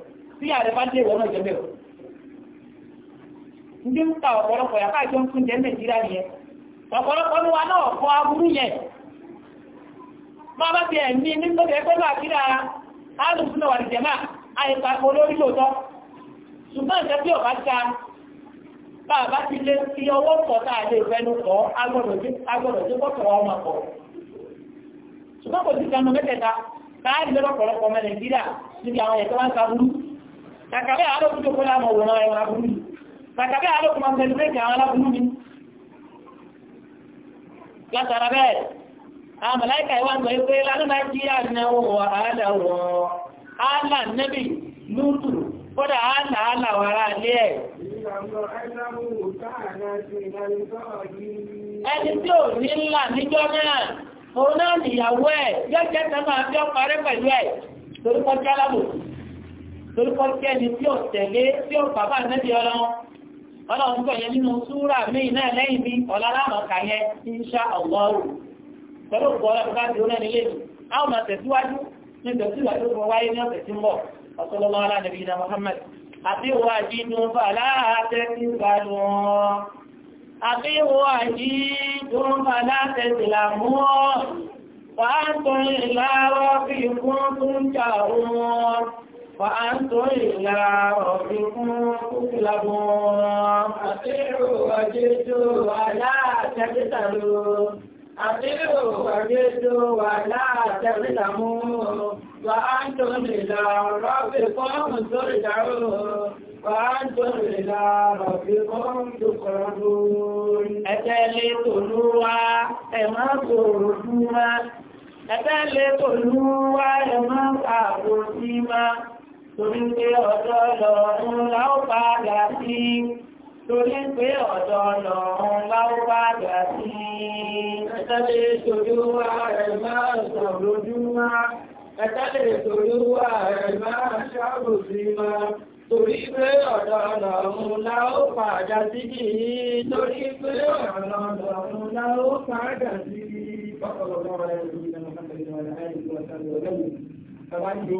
tí ààrẹ bá dé ìwọ̀nà ìjẹ́bẹ̀ o. Ndí ń ta ọ̀pọ̀lọpọ̀ ń jẹ́ Nàìjíríà Ọ̀pọ̀lọpọ̀ ní wa náà yẹn. bá ti ẹ̀mí náà wà olórí a kàkà bẹ́ẹ̀ alókùn tó kọ́ láàmọ̀ wòrán ẹ̀wọ̀n aburú ni kàkà bẹ́ẹ̀ alókùn máa ń tẹ̀lé bẹ́ẹ̀ àwọn aláburú ni látara bẹ́ẹ̀ àwọn màláìkà ìwà ń gbọ́ pé lánàá kí àdínáwó wà áàlà wọ̀ áàlà nẹ́bì lútù kódà áàlà áàlà wà rà lé ẹ̀ ẹni tí ò ní ńlá níjọ́ náà òun náà nìyàwó ẹ̀ yóò jẹ́ tẹ́ máa fi ọ́ torúkọ jẹ́ ni tí ó tẹ̀lé tí ó bàbá nẹ́bí ọlọ́run ọlọ́run tó yẹ nínú súrà míì náà lẹ́yìn bí ọlọ́lámọ̀ kà yẹ insha Allah pẹ̀lú òkú ọlọ́run bá ti ó lẹ́ni lẹ́nu a ó máa tẹ̀síwájú ní ìdọ̀tíwà tó fọ wáyé ní ọ̀sẹ̀ tí ń bọ̀ ọ̀sọ́lọ́mọ́ alá wàá tó ìlà rọ́bì fún tó ń jà wọn فأنتم إلى ربكم تقلبون أطيعوا وجدوا ولا تبتلوا أطيعوا وجدوا ولا تبتلوا وأنتم إلى ربكم ترجعون وأنتم إلى ربكم تقربون أتلي تلوى أما ترجوما أتلي تلوى أما ترجوما torí pé ọ̀dọ̀ lọ́run láwùpadà sí torí pé ọ̀dọ̀ lọ́run láwùpadà sí. ẹ̀tẹ́lẹ̀ ìṣòro wa rẹ̀ máa sàn lójúmọ́ ẹ̀tẹ́lẹ̀ ìṣòro wa rẹ̀ máa ṣàbò sí ma torí pé ọ̀dọ̀ lọ́run láwùpadà sí kì í torí pé ọ̀dọ̀ lọ́run láwùpadà sí kì í.